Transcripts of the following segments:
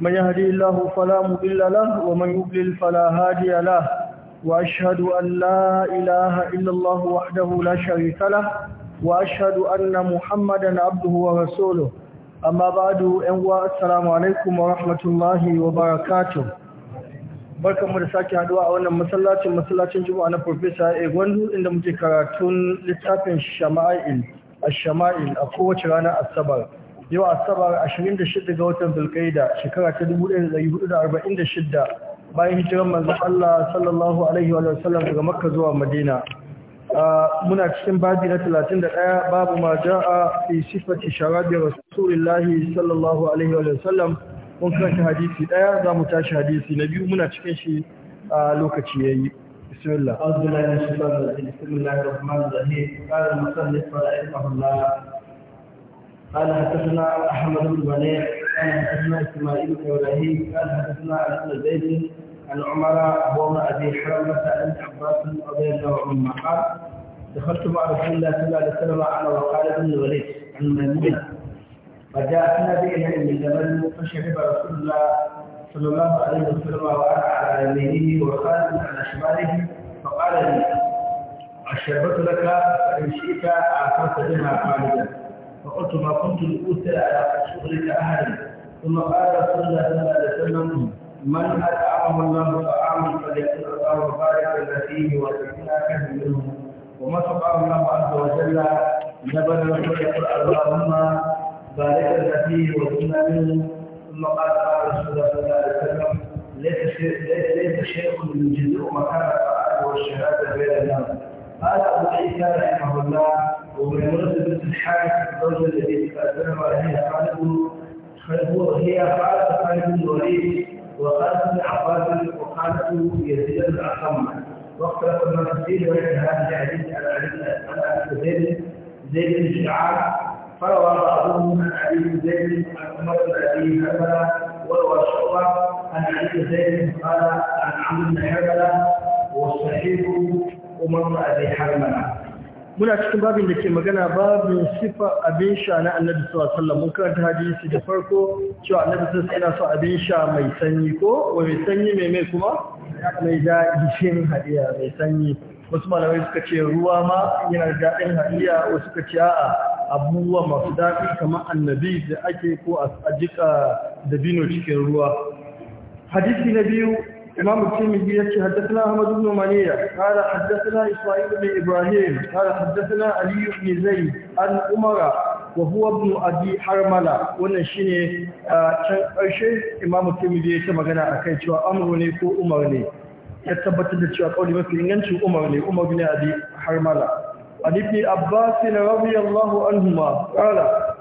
من يهدي الله فلا مضل له ومن يضلل فلا هادي له وأشهد أن لا إله إلا الله وحده لا شريك له وأشهد أن محمدا عبده ورسوله أما بعد أنواء السلام عليكم ورحمة الله وبركاته barkan mu da sake haduwa a wannan masallacin masallacin juma'a na Professor A inda muke karatun littafin Shama'il a Shama'il a kowace ranar Asabar yau asabar 26 ga watan Bilkaida, shekara ta 1446 bayan hijiran manzon Allah sallallahu alaihi wa sallam daga makka zuwa madina muna cikin babi na 31 babu ma jaa fi sifati sharabi rasulillahi sallallahu alaihi wa sallam mun karanta hadisi daya za mu tashi hadisi na biyu muna cikin shi lokaci yayi بسم الله أعوذ بالله من da الرجيم بسم الله الرحمن الرحيم قال المصنف رحمه الله قال حدثنا احمد بن منيع قال حدثنا اسماعيل بن ابراهيم قال حدثنا عن زيد عن عمر ابو ابي حرمه عن عباس رضي الله عنهما قال دخلت مع رسول الله صلى الله عليه وسلم على وقال بن الوليد عن ميمونه النبي الى من جبل فشرب رسول الله صلى الله عليه وسلم وأنا على يمينه وخالد على شماله فقال لي الشربة لك فإن شئت أعطيت بها خالدا فقلت ما كنت لأوثر على شغلك أهلي ثم قال رسول الله صلى الله عليه وسلم من أطعمه الله طعاما فليكن الله باركا فيه وليكن أكل منه وما سقاه الله عز وجل جبلا فليقل اللهم باركا فيه وسكن منه ثم قال رسول الله صلى الله عليه وسلم ليس شيء من جزء مكان الطعام والشهاده بين الناس قال أبو عيسى رحمه الله ومن بنت الحارث الزوجة التي تقدم عليها خالد وهي خالد خالد بن الوليد وخالد بن عباس وخالد يزيد بن أخم واختلف الناس كثير بين هذا الحديث على علي زيد زيد بن شعار فروى بعضهم عن علي زيد عن عمر بن ابي هبل وروى شعبه عن علي زيد قال عن عمرو بن هبل والصحيح Umar Abi muna cikin babin da ke magana babin sifa abin sha na Annabi sallallahu alaihi wasallam mun karanta hadisi da farko cewa Annabi sallallahu alaihi wasallam so abin sha mai sanyi ko mai sanyi mai mai kuma mai daɗi shin hadiya mai sanyi wasu malamai suka ce ruwa ma yana da daɗin hadiya wasu suka ce a'a abubuwa masu daɗi kamar annabi da ake ko a jika da cikin ruwa. Hadisi na biyu إمام الترمذي يكي حدثنا أحمد بن منيع قال حدثنا إسماعيل بن إبراهيم قال حدثنا علي بن زيد عن عمر وهو ابن أبي حرملة wannan shine can ƙarshe Imam Tirmidhi magana akai cewa amru ne ko Umar ne ya tabbatar da cewa kauli mafi inganci Umar ne Umar bin Abi Harmala an ibn Abbas radiyallahu anhuma qala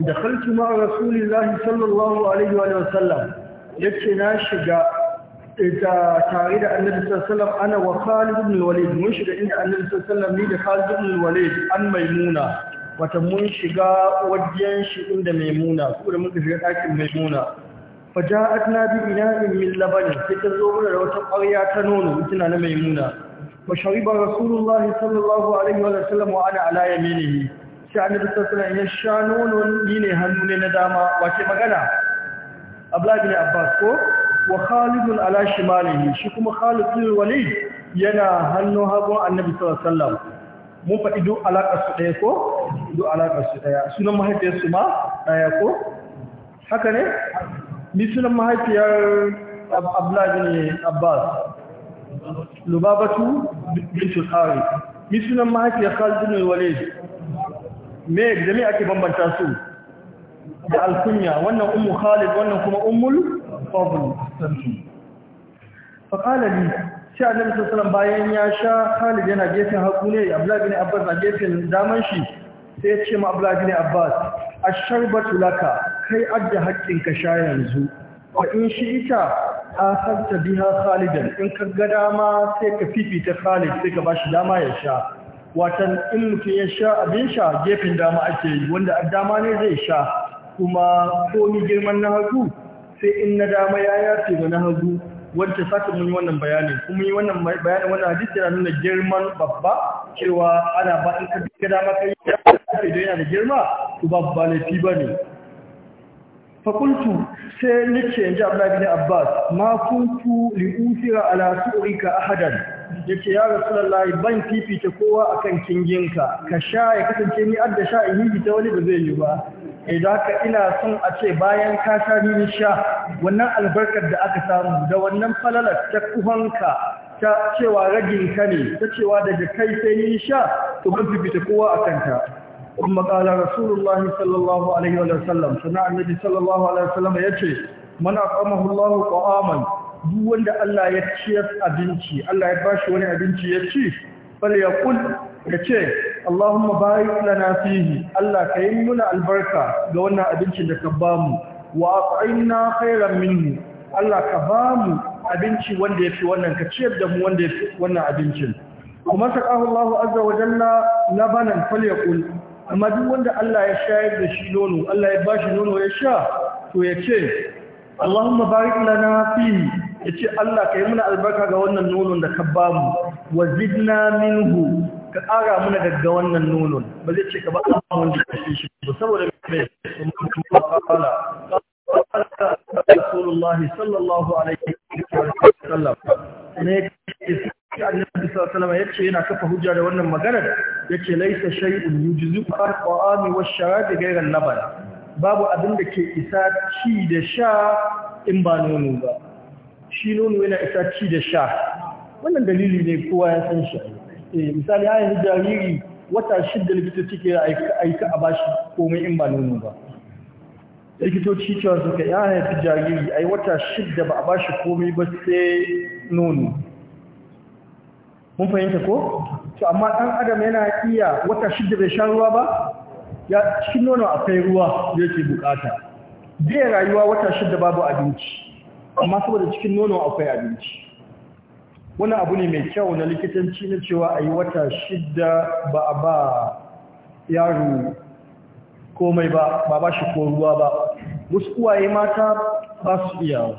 dakhaltu ma'a rasulillahi sallallahu alaihi wa sallam yace na shiga tare da annabi sallallahu ana wa Khalid ibn Walid mun shiga inda annabi sallallahu ni da Khalid ibn Walid an maimuna wata mun shiga wajen shi inda maimuna ko da muka shiga ɗakin maimuna faja'atna bi ina'in min labani sai ta zo mana da wata ƙarya ta nono tana na maimuna wa shariba rasulullahi sallallahu alaihi wa sallam wa ana ala yaminihi sai annabi sallallahu alaihi ya sha nono ni ne hannu ne na dama wace magana Abdullahi bin Abbas ko wa khalidun ala shimalihi shi kuma Khalidun bin yana hannun hagun annabi sallallahu alaihi wasallam mun faɗi duk alaƙar su ɗaya ko duk alaƙar su ɗaya sunan mahaifiyar su ma ɗaya ko haka ne ni sunan mahaifiyar abdullahi bin abbas lubabatu bintul qari ni sunan mahaifiyar Khalidun bin me da me ake bambanta su da alkunya wannan ummu khalid wannan kuma ummul الفضل أحسنتم a لي sai bayan ya sha Khalid yana gefen hagu ne Abdullah bin Abbas a gefen daman shi sai ya ce ma Abdullah bin Abbas asharbatu laka kai adda haƙƙin ka sha yanzu wa in shi ita akhadta biha Khalidan in ka ga dama sai ka fifita Khalid sai ka shi dama ya sha watan in mutum ya sha abin sha gefen dama ake yi wanda dama ne zai sha kuma komi girman na hagu sai in na dama ya yace da na hagu wanda saka mun wannan bayanin kuma yi wannan bayanin wannan hadisi yana nuna girman babba cewa ana ba in ka dama kai da yana da girma to babba fi bane fakultu sai nace in ji abdullahi bin abbas ma kuntu li usira ala su'rika ahadan yace ya rasulullahi ban fifita kowa akan kinginka ka sha ya kasance ni adda sha in yi ta wani ba zai yi ba idan eh, haka ina son a ce bayan ka sha ni sha wannan albarkar da aka samu da wannan falalar ta kuhanka ta cewa ragin ka ne ta cewa daga kai sai ni sha to ban fifita kowa akan ta ثم قال رسول الله صلى الله عليه وسلم سنع sallallahu alaihi wa عليه وسلم يتي من أطعمه الله طعاما duk wanda Allah ya ciyar abinci Allah ya bashi wani abinci ya ci fal yaqul yace Allahumma barik lana fihi Allah ka yi muna albarka ga wannan abincin da ka bamu wa at'inna khairan minhu Allah ka bamu abinci wanda yafi wannan ka ciyar da mu wanda yafi wannan abincin kuma sakahu Allah azza wa jalla labanan fal yaqul amma duk wanda Allah ya shayar da shi nono Allah ya bashi nono ya sha to ya ce Allahumma barik lana fi ya ce Allah ka yi mana albarka ga wannan nonon da ka bamu wa zidna minhu ka ƙara mana daga wannan nonon ba zai ce ka ba a wanda ka fi shi ba saboda mai kala Rasulullah sallallahu alaihi wa sallam ne sai annabi sallallahu ya ce yana kafa hujja da wannan maganar yace laisa shay'un yujzu al-qa'ami wash-sharabi ghayra al-laban babu abin da ke isa ci da sha in ba nono ba shi nono yana isa ci da sha wannan dalili ne kowa ya san shi eh misali ayin jariri wata shidda likitoci ke aika a bashi komai in ba nono ba likitoci cewa suka ayin jariri ai wata shidda ba a bashi komai ba sai nono mun fahimta ko to amma ɗan adam yana iya wata shida bai sha ruwa ba ya cikin nono akwai ruwa da yake bukata zai rayuwa wata shida babu abinci amma saboda cikin nono akwai abinci wannan abu ne mai kyau na likitanci na cewa a yi wata shida ba a ba yaro komai ba ba ba shi ko ruwa ba wasu uwaye mata ba su iya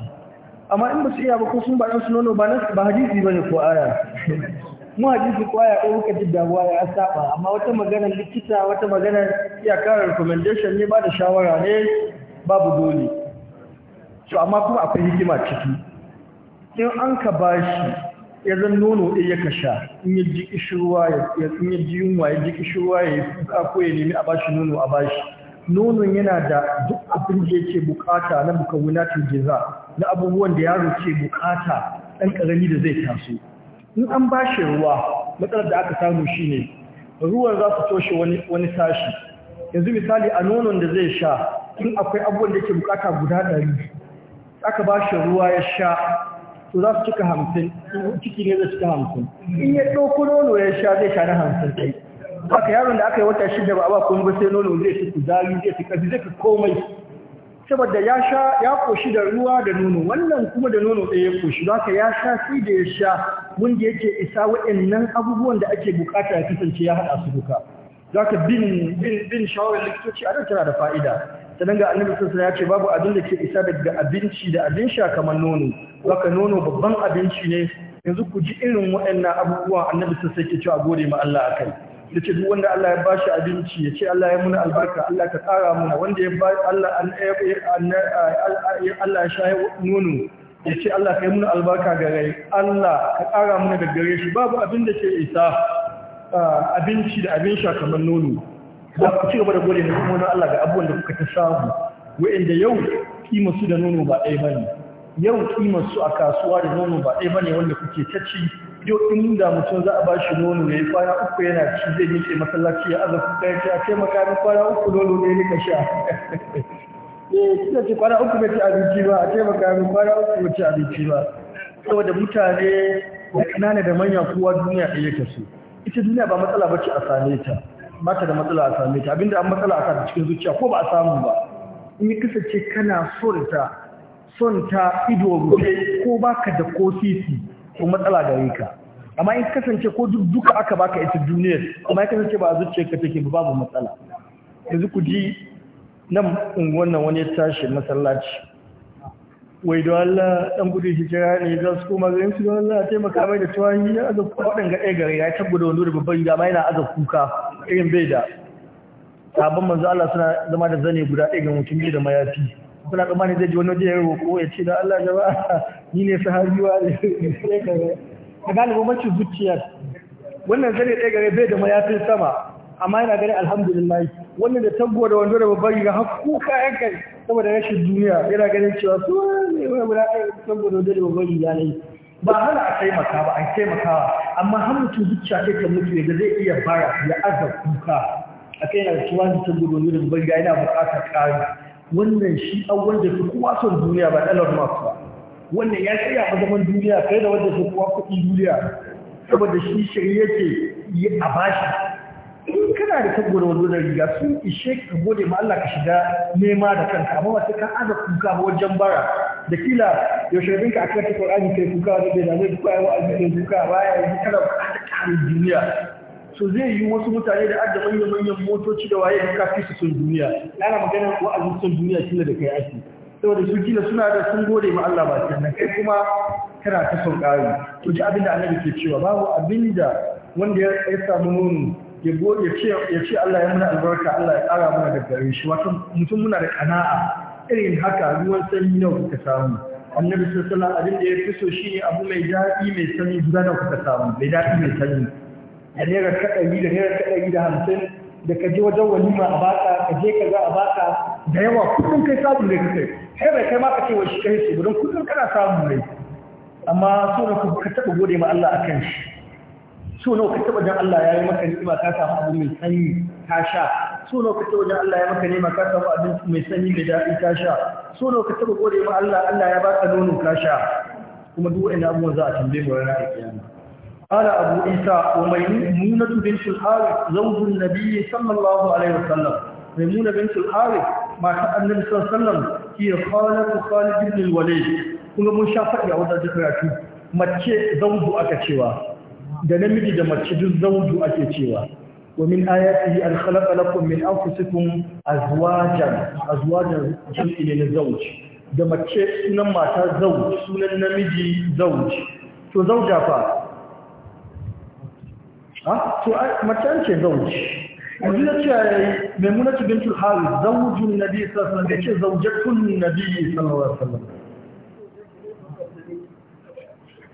amma in ba su iya ba ko sun ba ɗansu su nono ba na ba hadisi ne ko aya mu hadisi ko aya ɗaya kuka ji damuwa ya saba amma wata maganar likita wata maganar kara recommendation ne ba da shawara ne babu dole to amma kuma akwai hikima ciki in an ka bashi ya zan nono ɗaya ya ka sha in yi ji kishirwa ya in yi ji yunwa ya ji kishirwa ya yi kuka ko ya nemi a bashi nono a bashi nonon yana da duk abin da yake bukata na bukawunatul jiza na abubuwan da yaro ke bukata ɗan ƙarami da zai taso in an ba shi ruwa matsalar da aka samu shi ne ruwan za su toshe wani sashi yanzu misali a nonon da zai sha in akwai abubuwan da ke bukata guda ɗari aka ba shi ruwa ya sha to za su cika hamsin ciki ne zai cika hamsin in ya ɗauko nono ya sha zai sha na hamsin ɗai haka yaron da aka yi wata shida ba a ba kuma sai nono zai fi kuzari zai fi ƙarfi zai fi komai saboda ya sha ya koshi da ruwa da nono wannan kuma da nono ɗaya ya koshi ba ka ya sha sai da ya sha wanda yake isa waɗannan abubuwan da ake bukata ya kasance ya haɗa su duka za ka bin shawarar likitoci a tana da fa'ida sannan ga annabi sun ya ce babu abin da ke isa daga abinci da abin sha kamar nono ka nono babban abinci ne yanzu ku ji irin waɗannan abubuwan annabi sassa ke cewa gode ma Allah akai Yace ce duk wanda Allah ya ba shi abinci ya ce Allah ya muna albarka Allah ka tsara muna wanda ya ba Allah eh, eh, eh, Allah ya sha nono ya ce Allah ka yi muna albarka ga rai Allah ka tsara muna da gare shi babu abin da ke isa ah, abinci da abin sha kamar nono da ku ci gaba da gode na kuma Allah ga abubuwan da kuka ta samu wa'inda yau kima su da nono ba ɗaya bane yau kima su a kasuwa da nono ba ɗaya bane wanda kuke ta ci yau inda mutum za a ba shi nono ne yi kwana uku yana ci zai nike masallaci ya azafi kai ce a ce ni kwana uku nono ne ka sha eh kina ce kwana uku bai ci abinci ba a ce ni kwana uku bai ci abinci ba saboda mutane da ƙanana da manya kowa duniya ɗaya ta su ita duniya ba matsala ba ce a same ta ba ta da matsala a same ta abinda an matsala a sa cikin zuciya ko ba a samu ba in ya kasance kana son ta son ta ido rufe ko baka da ko sisi ko matsala gare ka amma in kasance ko duk duka aka baka ita duniyar amma ya kasance ba a zuciyar ka take ba babu matsala yanzu ku ji nan wannan wani ya tashi masallaci wai da Allah dan gudun hijira ne za su koma garin su don Allah taimaka mai da tuwa ya aza kuka waɗanga ɗaya gare ya tabbu da wani da babban gama yana aza kuka irin bai da sabon manzo Allah suna zama da zane guda ɗaya ga mutum biyu da mayafi kuna tsammani zai ji wani waje ya roƙo ya ce da Allah jama'a ni ne sahabiwa da sai ka ga galibin mace zuciyar wannan zane ɗaya gare bai da mayafin sama amma yana gani alhamdulillah wannan da taggo da wando da babbar yi har kuka yan kai saboda rashin duniya yana ganin cewa su ne wani guda ɗaya taggo da wando da babbar yi yanayi. ba hana a taimaka ba an taimakawa amma har mutum zuciya sai kan mutu da zai iya bara ya arza kuka a yana na da tuwa da taggo da wando da babbar riga yana buƙatar ƙari wannan shi an wanda su kowa son duniya ba ɗanar masu ba wannan ya tsaya a zaman duniya kai da wanda su kowa kuɗi duniya saboda shi shirye yake yi a bashi in kana da kan gode wando da riga sun ishe ka gode ma Allah ka shiga nema da kanka amma wata kan aza kuka a wajen bara da kila yaushe din ka akwai kai kuka da bai da zai kuka yawa kuka baya yi kana buƙatar duniya so zai yi wasu mutane da adda manyan manyan motoci da waye duka fi su sun duniya ana magana a sun duniya kila da kai ake saboda su kila suna da sun gode ma Allah ba nan kai kuma kana ta son ƙari to ji abinda annabi ke cewa babu abinda wanda ya samu nono ya ce ya ce Allah ya muna albarka Allah ya ƙara muna da gare shi wato mutum muna da kana'a irin haka ruwan sanyi nawa kuka samu annabi sallallahu alaihi wasallam abin ya fi so shine abu mai daɗi mai sanyi zuwa kuka samu mai daɗi mai sanyi da naira ka da naira ka da hamsin da ka je wajen walima a baka ka je ka za a baka da yawa kudin kai samu ne ka kai kai bai kai ma ka ce wa shi kai su gudun kudin kana samu ne amma so na ka taɓa gode ma Allah a kan shi so nawa ka taɓa jan Allah ya yi maka ni'ima ka samu abu mai sanyi ka sha so nawa ka taɓa jan Allah ya maka ni'ima ka samu abu mai sanyi mai daɗi ka sha so nawa ka taɓa gode ma Allah Allah ya baka nono ka sha kuma duk wani abubuwan za a tambaye mu ranar kiyama قال أبو إيسا وميمونة بنت الحارث زوج النبي صلى الله عليه وسلم ميمونة بنت الحارث ما النبي صلى الله عليه وسلم هي خالة خالد بن الوليد kuma mun sha faɗi a wajen karatu mace zaudu aka cewa da namiji da mace duk zaudu ake cewa wa min ayatihi an khalaqa lakum min anfusikum azwajan azwajan jinsi ne da mace sunan mata zauj sunan namiji zauj to zauja fa to macen ce zauji yanzu ya ce mai maimunatu bintul haris zaujin na sallallahu alaihi wasallam ce zaujatun na biyu sallawar wasallam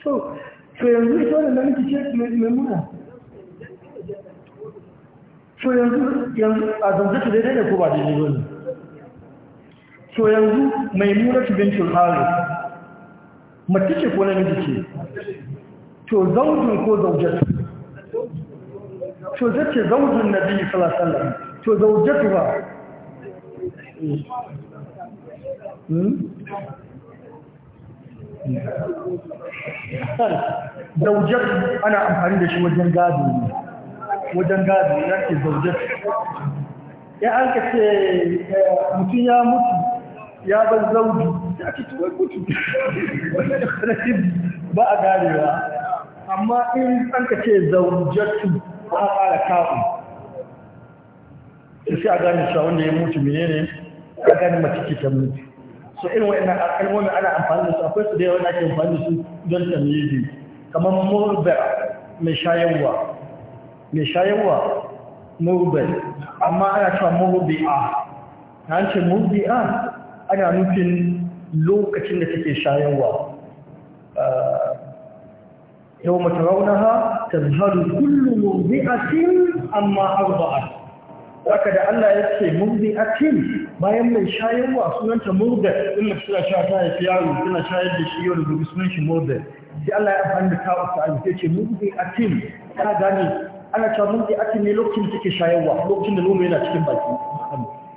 to to yanzu ita wannan namiji ce maimuna to yanzu yanzu a zanzatu daidai ne ko ba daidai ba ne to yanzu maimunatu bintul haris mace ce ko namiji ce to zaujin ko zaujatun شو زوج النبي صلى الله عليه وسلم شو زوجتها زوجة أنا أمهن لشي وجن قادي وجن قادي يعني زوجة يا أنك مطي يا مطي يا بالزوج يعني توي مطي رسيب بقى قادي أما إن أنك زوجتها ba a ƙara kawo da sai a gane cewa wanda ya mutu mene ne a gane mace ce ta mutu so irin wa'annan kalmomi ana amfani da su akwai su da yawa ake amfani da su don ta tamyizi kamar murbar mai shayarwa mai shayarwa murbar amma ana cewa murbi'a na ce a ana nufin lokacin da take shayarwa ah, يوم ترونها تذهل كل مرضئة أما أرضعت وكذا الله يتسي مرضئة ما يمن شاير وأصلا أنت مرضع إلا بسلا شاكاية في عالم كنا شاير بشيور بسمنش مرضع sai Allah ya amfani da kawo ta aiki yace mubi atim kana gani ana cewa mubi atim ne lokacin da take shayarwa lokacin da nono yana cikin baki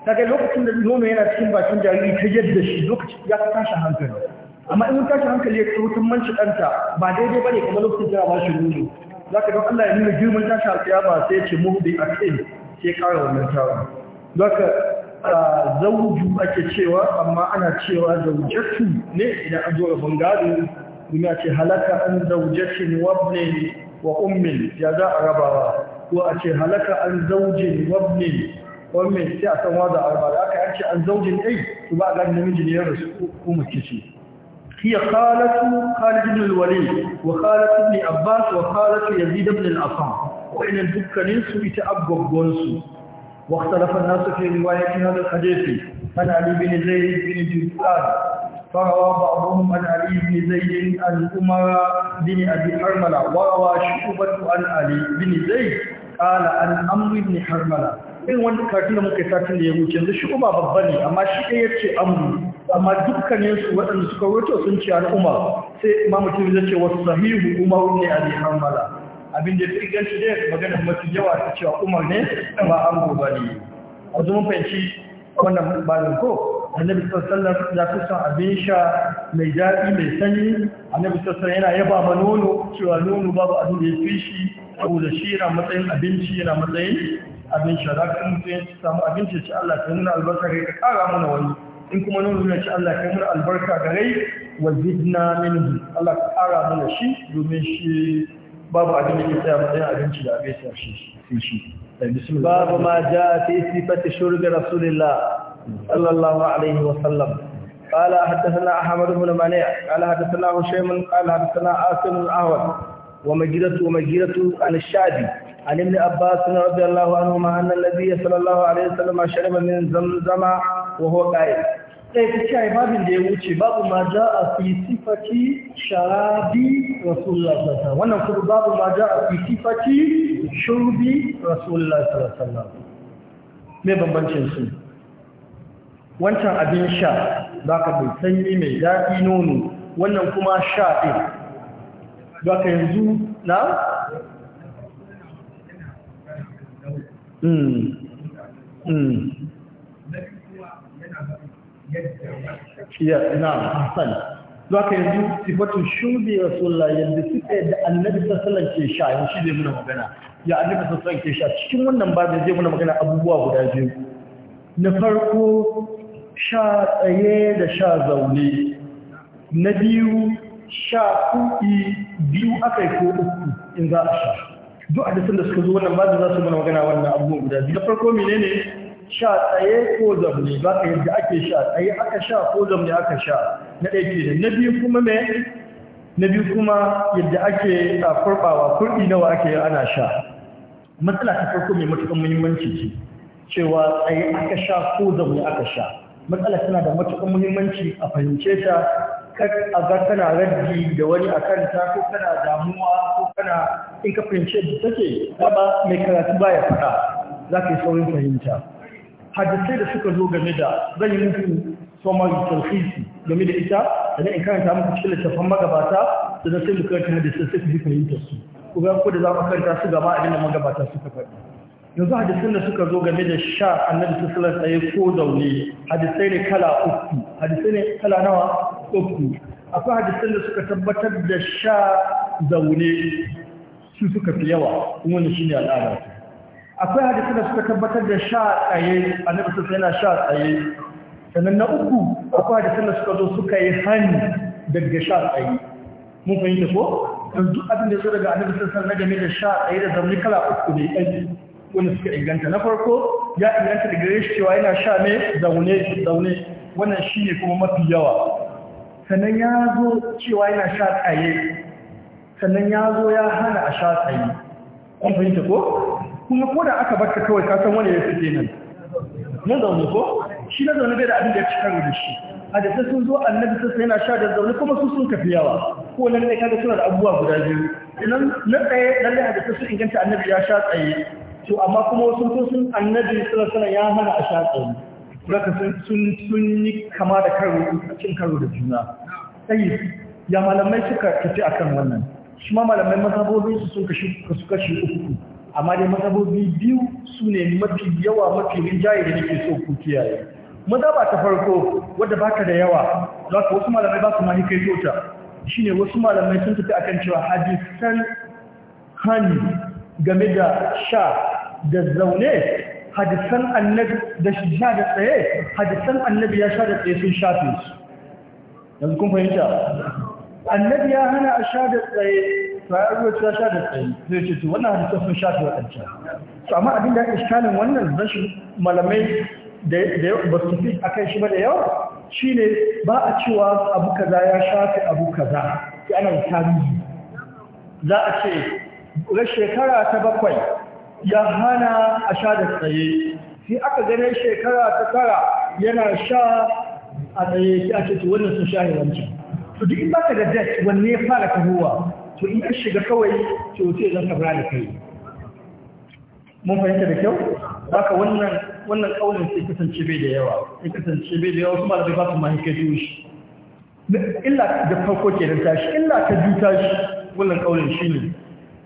kaga lokacin da nono yana cikin bakin jariri ta yadda shi lokacin ya tashi hankali amma in tashi hankali ya kai wutan manci ɗanta ba daidai ba ne kamar lokacin jira ba shi nuni za ka don Allah ya nuna girman tashin ba sai ya ce muhdi a kai sai kara wannan tawa za ka zauju ake cewa amma ana cewa zaujatu ne idan an zo rabon gado duniya ce halaka an zaujatin wabnin wa ummin ya za a rabawa ko a ce halaka an zaujin wabnin wabnin sai a san wada arba da aka yance an zaujin ɗai su ba a gani namiji ne ya rasu ko mace ce هي خالة خالد بن الوليد وخالة ابن عباس وخالة يزيد بن الأصام وإن الدكانين سويت أبقى بونسو واختلف الناس في رواية هذا الحديث عن علي بن زيد بن جدعان فروى بعضهم عن علي بن زيد عن عمر بن أبي حرملة وروى شعبة عن علي بن زيد قال عن عمرو بن حرملة إن وان كاتل مكتاتل يقول شعبة ببني أما شيء يتشي عمرو amma dukkaninsu su waɗanda suka roto sun ci an umar sai imamu tun zai ce wasu sahihu umaru ne a lihan mala abin da ya fi ganci dai maganar mafi yawa ta cewa umar ne ba an goba ne a zuma fahimci wannan balin ko annabi sallallahu ya fi son abin sha mai daɗi mai sanyi annabi sallallahu yana yaba ma nono cewa nono babu abin da ya fi shi saboda shi yana matsayin abinci yana matsayin abin sha za ka mutu ya samu abinci ci Allah ta nuna albasa kai ka kara mana wani in kuma nono na ci Allah kai mana albarka da rai wa zidna minhu Allah ka ƙara mana shi domin shi babu abin da ke tsaya matsayin abinci da abin sa shi shi babu ma ja fi sifati shurbi rasulillah sallallahu alaihi wa sallam قال حدثنا احمد بن منيع قال حدثنا هشيم قال حدثنا عاصم الاهول ومجيرته ومجيرته عن الشعبي عن ابن عباس رضي الله عنهما أن النبي صلى الله عليه وسلم شرب من زمزم وهو قائم sai ta ce babin da ya wuce babu ma ja a fi sifati sharabi rasulullah sallallahu wannan kuma babu ma ja a fi sifati shurbi rasulullah sallallahu Mai bambancin su wancan abin sha ka bai sanyi mai daɗi nono wannan kuma sha ɗin ka yanzu na ya na za ka yanzu sifatun shuɗe rasulullah yanzu suka da annabi sassalan ke sha yanzu shi zai muna magana ya annabi sassalan ke sha cikin wannan da zai muna magana abubuwa guda biyu na farko sha tsaye da sha zaune na biyu sha kuɗi biyu aka yi ko uku in za a sha duk hadisin da suka zo wannan babu za su mana magana wannan abubuwan guda biyu na farko ne sha tsaye ko zamne ba ka yadda ake sha tsaye aka sha ko zamne aka sha na ɗaya ke na biyu kuma me na biyu kuma yadda ake kurɓawa kurɗi nawa ake yi ana sha matsala ta farko mai matuƙar muhimmanci ce cewa tsaye aka sha ko zamne aka sha matsala tana da matuƙar muhimmanci a fahimce ta kar a ga kana raddi da wani a kanta ko kana damuwa ko kana in ka fahimci da take ba mai karatu ba ya faɗa za ka yi saurin fahimta hadisai da suka zo game da zan yi muku somar tarfisi game da ita da in karanta muku cikin littattafan magabata da na sai mu karanta hadisai sai ku fahimta su ku ga ko da za mu karanta su gaba a inda magabata suka faɗi yanzu hadisin da suka zo game da sha annabi sallallahu alaihi wasallam ko zaune hadisai ne kala uku hadisai ne kala nawa uku akwai hadisin da suka tabbatar da sha zaune su suka fi yawa kuma ne shine al'ada akwai hadisin da suka tabbatar da sha tsaye bisa sai yana sha tsaye sannan na uku akwai hadisin da suka zo suka yi hani daga sha tsaye mun fahimta ko yanzu duk abin da zo daga annabi sai na game da sha tsaye da zaune kala uku ne aiki wanda suka inganta na farko ya inganta da gare shi cewa yana sha ne zaune zaune wannan shine kuma mafi yawa sannan ya zo cewa yana sha tsaye sannan ya zo ya hana a sha tsaye kun fahimta ko kuma ko da aka barka kawai ka san wani ya fi nan na zaune ko shi na zaune bai da abin da ya ci karo da shi a da sun zo annabi sassa yana sha da zaune kuma su sun kafi yawa ko nan ne kaga suna da abubuwa guda biyu idan na tsaye lalle a da sun inganta annabi ya sha tsaye to amma kuma wasu sun annabi sun alaihi ya hana a sha tsaye zaka sun sun yi kama da karo cin karo da juna sai ya malamai suka tafi akan wannan shi ma malamai mazhabobin su sun kashi su kashi uku amma dai mazhabobi biyu su ne mafi yawa mafi rinjaye da nake so ku kiyaye mazhaba ta farko wadda baka da yawa zaka wasu malamai ba su ma kai tota shine wasu malamai sun tafi akan cewa hadisan hani game da sha da zaune hadisan annabi da shi sha da tsaye hadisan annabi ya sha da tsaye sun shafe su yanzu kun fahimta annabi ya hana a sha da tsaye sai ruwa ta sha da tsaye zai ce to wannan hadisan sun shafe ɗanci to amma abin da ake shanin wannan rashin malamai da ba su fi a kai shi ba da yau shine ba a cewa abu kaza ya shafe abu kaza sai ana tarihi za a ce shekara ta bakwai ya hana a sha da tsaye sai aka gane shekara ta tara yana sha a tsaye sai a ce wannan sun sha yawanci to duk in da debt wanne ya fara kahowa to in ka shiga kawai to sai zan kabra da kai mun fahimta da kyau haka wannan wannan kaunin sai kasance bai da yawa sai kasance bai da yawa kuma da baka su mahaikatu shi illa da farko kenan tashi illa ta biyu tashi wannan kaunin shine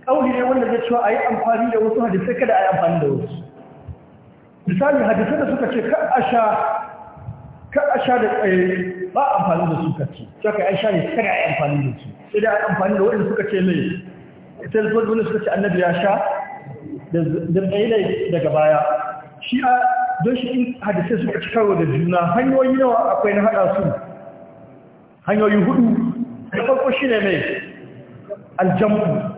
ƙauri ne wanda zai cewa a yi amfani da wasu hadisai kada a yi amfani da wasu misali hadisai da suka ce ka a sha da tsaye ba amfani da suka ce ka yi sha ne kada a yi amfani da su sai dai a yi amfani da waɗanda suka ce mai ita da wanda suka ce annabi ya sha da tsaye daga baya shi a don shi in hadisai suka ci karo da juna hanyoyi nawa akwai na haɗa su hanyoyi hudu da farko shi ne mai aljamu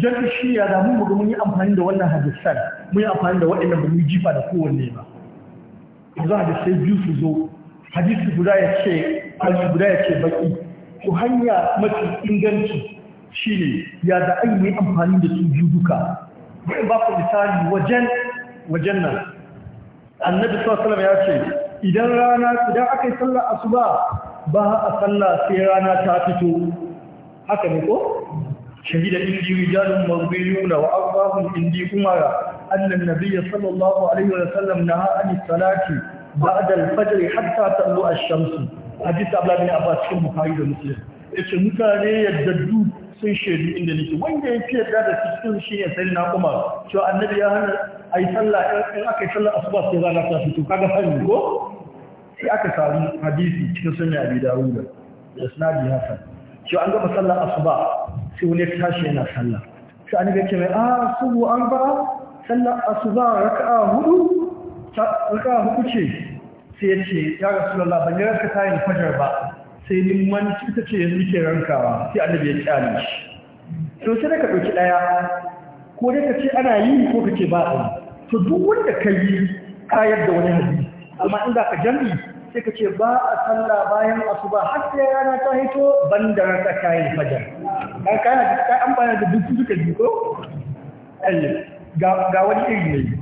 jan shi ya da mu mun yi amfani da wannan hadisan mun yi amfani da waɗannan ba jifa da kowanne ba yanzu hadisai biyu su zo hadisi guda ya ce hadisi guda ya ce baki ko hanya mafi inganci shine ya da an yi amfani da su biyu duka bai ba ku misali wajen wajen nan annabi sallallahu ya ce idan rana idan aka yi sallar asuba ba a sallah sai rana ta fito haka ne ko شهد إني رجال مرضيون وأرضاهم إني أمرا أن النبي صلى الله عليه وسلم نهى عن الصلاة بعد الفجر حتى تطلع الشمس حديث عبد الله بن عباس في البخاري ومسلم yace mutane yaddaddu sun shaidu inda nake wanda yake yarda da cikin shi ya sai na Umar cewa annabi ya hana ai sallah in aka yi sallar asuba sai rana ta fito kaga sani ko sai aka samu hadisi cikin sunan Abi Dawud da sanadi hasan cewa an gama sallar asuba sai wani ya tashi yana sallah sai an ga ce mai a ah, subu an ba sallar asuba raka'a hudu raka'a hudu ce sai ya ce ya rasulullah ban yi ranka tayin fajar ba sai ni man ta ce yanzu ke rankawa sai annabi ya kyale shi to sai ka ɗauki ɗaya ko dai ka ce ana yi ko ka ce ba a to duk wanda ka yi kayar da wani hadisi amma inda ka jami sai ka ce ba a sallah bayan asuba har sai rana ta hito banda raka kayan fajar an kana da ka amfana da duk duka ji ko ga wani iri ne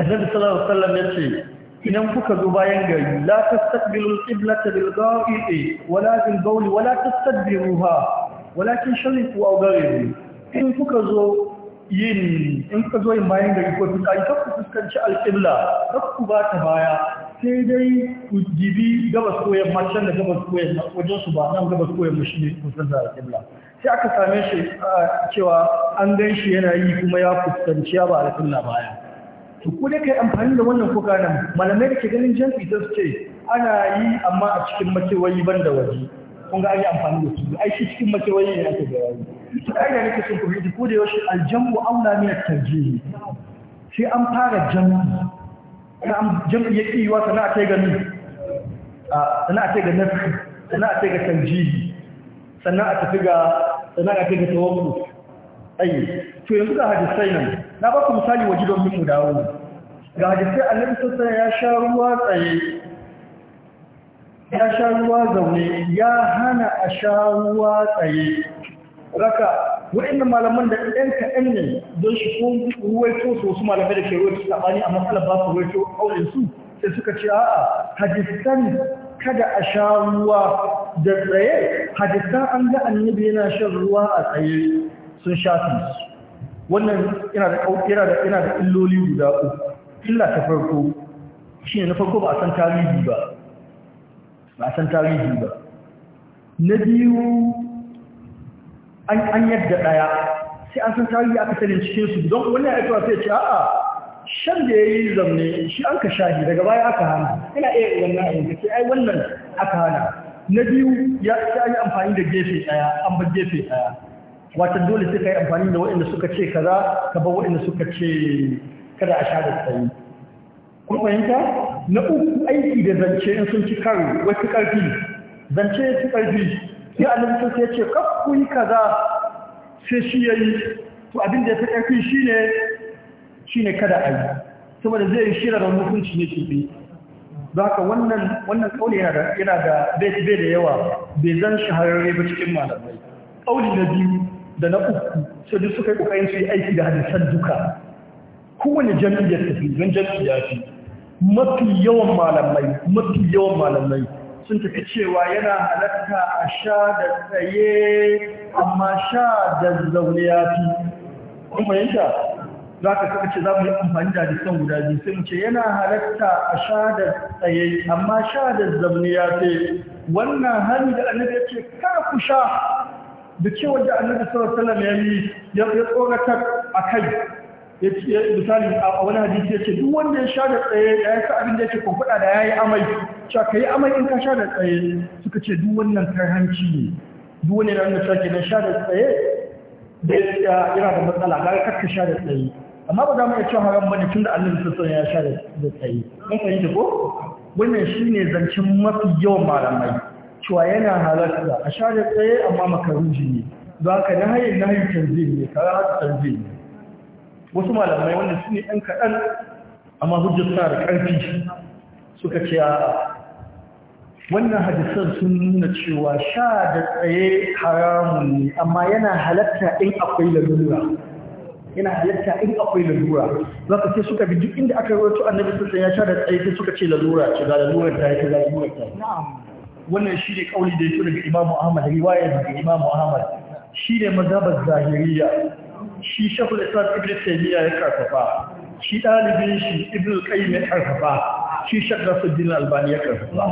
annabi da alaihi sallar ya ce idan kuka zo bayan gari la tastaqbilu al-qiblata bil gha'ibi wala bil bawli wala tastadbiruha shirin sharifu aw ghayru in kuka zo yin in kuka zo yin bayan gari ko fitsari kar ku fuskanci al-qibla ku ba ta baya sai dai ku jibi gabas ko yamma can da gabas ko yamma wajen su ba nan gabas ko yamma shi ne kusan da al sai aka same shi cewa an gan shi yana yi kuma ya fuskanci ya ba alƙulla baya to ko dai kai amfani da wannan kuka nan, malamai da ke ganin jan fitar su ce ana yi amma a cikin makewayi ban da waje kun ga an yi amfani da su ai shi cikin makewayi ne aka ga yayi to ai da nake son ku fahimci ku da yaushe aljamu aula min at-tarjih sai an fara jam'i an jam'i yake yi wa sana'a kai gani a sana'a kai ga nafi sana'a kai ga tanjihi sannan a tafi ga sannan aka ga tawakkul ayi to yanzu ga hadisai nan na ba ku misali waje don mu dawo ga hadisai annabi sallallahu ya sha ruwa tsaye ya sha ruwa zaune ya hana a sha ruwa tsaye raka wa'annan malaman da ɗan kaɗan ne don shi ko so su wasu malamai da ke ruwaito saɓani a matsalar ba su to aure su sai suka ce a'a hadisan kada a sha ruwa da tsaye hadisan an ga annabi yana shan ruwa a tsaye sun su wannan yana da yana da ina da illoli guda uku illa ta farko shine na farko ba a san tarihi ba ba a san tarihi ba na biyu an an yadda daya sai an san tarihi aka sanin cikin su don wannan ya tawa sai ce a'a shan da yayi zamne shi an ka shahi daga baya aka hana ina iya wannan ayyuka sai ai wannan aka hana na biyu ya yi amfani da gefe ɗaya an bar gefe ɗaya wata dole sai ka yi amfani da waɗanda suka ce kaza ka bar waɗanda suka ce kada a sha da tsayi kun fahimta na uku aiki da zance in sun ci karo wasu ƙarfi zance ya ci ƙarfi sai annabi sun sai ce kaf ku yi kaza sai shi ya yi to abin da ya fi ƙarfi shine shine kada a yi saboda zai yi shirar mutunci ne shi zaka haka wannan wannan kauli yana da yana da bai da yawa bai zan shahararre ba cikin malamai kauli na biyu da na uku sai duk suka yi kokarin su yi aiki da hadisan duka kowane jami'i ya tafi don jami'i ya fi mafi yawan malamai mafi yawan malamai sun tafi cewa yana halatta a sha da tsaye amma sha da zaune ya fi kuma yanka za ka saka ce za mu yi amfani da hadisan guda biyu sai mu ce yana halatta a sha da tsaye amma sha da zamni ya ce wannan hali da annabi ya ce kar ku sha da cewa da annabi sallallahu alaihi wasallam ya yi ya tsorata a kai ya misali a wani hadisi ya ce duk wanda ya sha da tsaye da ya sa abin da yake kwakwada da ya yi amai cewa ka yi amai in ka sha da tsaye suka ce duk wannan karhanci ne duk wani da annabi sha da tsaye da ya yana da matsala ga kakka sha da tsaye amma ba za mu iya cewa haram ne tunda Allah ya sanya ya sha da tsayi kun fahimta ko wannan shine zancen mafi yawan malamai cewa yana halatta a sha da tsaye amma makaruji ne za ka na nahayin tanzim ne kara haka tanzim ne wasu malamai wanda su ne ɗan kaɗan amma hujjar suna da ƙarfi suka ce a wannan hadisan sun nuna cewa sha da tsaye haramun ne amma yana halatta in akwai lalura yana halatta in akwai lalura ka sai suka bi duk inda aka rawaito annabi sallallahu ya sha da tsaye sai suka ce lalura ce ga lalura ta ce za lalura ta wannan shi ne kauli da ya yake daga Imam Ahmad riwaya daga Imam Ahmad shi ne mazhabar zahiriya shi Shaykhul Islam Ibn Taymiyyah ya karfafa shi dalibin shi Ibn Qayyim ya karfafa shi Shaykh Nasruddin Albani ya karfafa